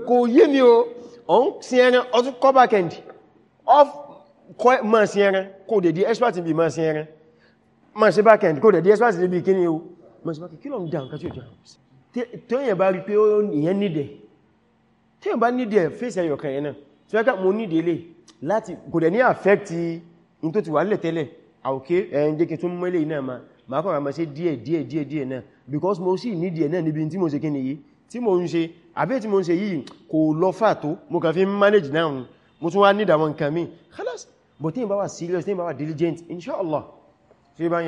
Speaker 1: kò yé mi o ọ̀n sin ẹrẹ ọdún kọ́ bákẹ̀ndì ọf ma sin ẹrẹ kò dẹ̀ di expert bí ma sin ẹrẹ ma ṣe bákẹ̀ndì kò dẹ̀ di expert bí kíní o mọ̀síwákì kí lọ ń dán kájú ìjọ tí èyàn bá rí pé èyàn nídẹ̀ tí èyàn bá nídẹ̀ fèsì ẹyọ̀kan yẹn náà tí wákà mo nídẹ̀ lè láti kò dẹ̀ ní àfẹ́kti in tó ti wà nílẹ̀ tẹ́lẹ̀ àwòké ẹ̀yìn jẹ́ kí tún mọ́lẹ̀ because mo sì nídẹ̀ náà níbi tí mo ṣe kíni yìí tí mo ń ṣe àbí fi manage náà mo tún wá nídà wọn nǹkan bá wà serious tí diligent inshallah ṣe bá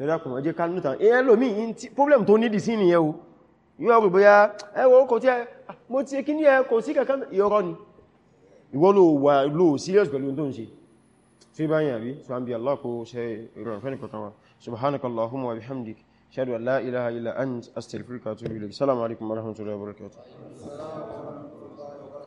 Speaker 1: fẹ́rákùn ọjẹ́ kánútà èyàn lómi problem tó nídì sí nìyẹn o yíò rí bóyá ẹwọ kò tí ẹ ah, mo ti kí ní ẹ kò sí kankan ìyọrọ ni ìwọ ló wà ló serious pẹ̀lú tó ń ṣe tí bá yà rí so ant astaghfiruka wa alaikum wa rahmatullahi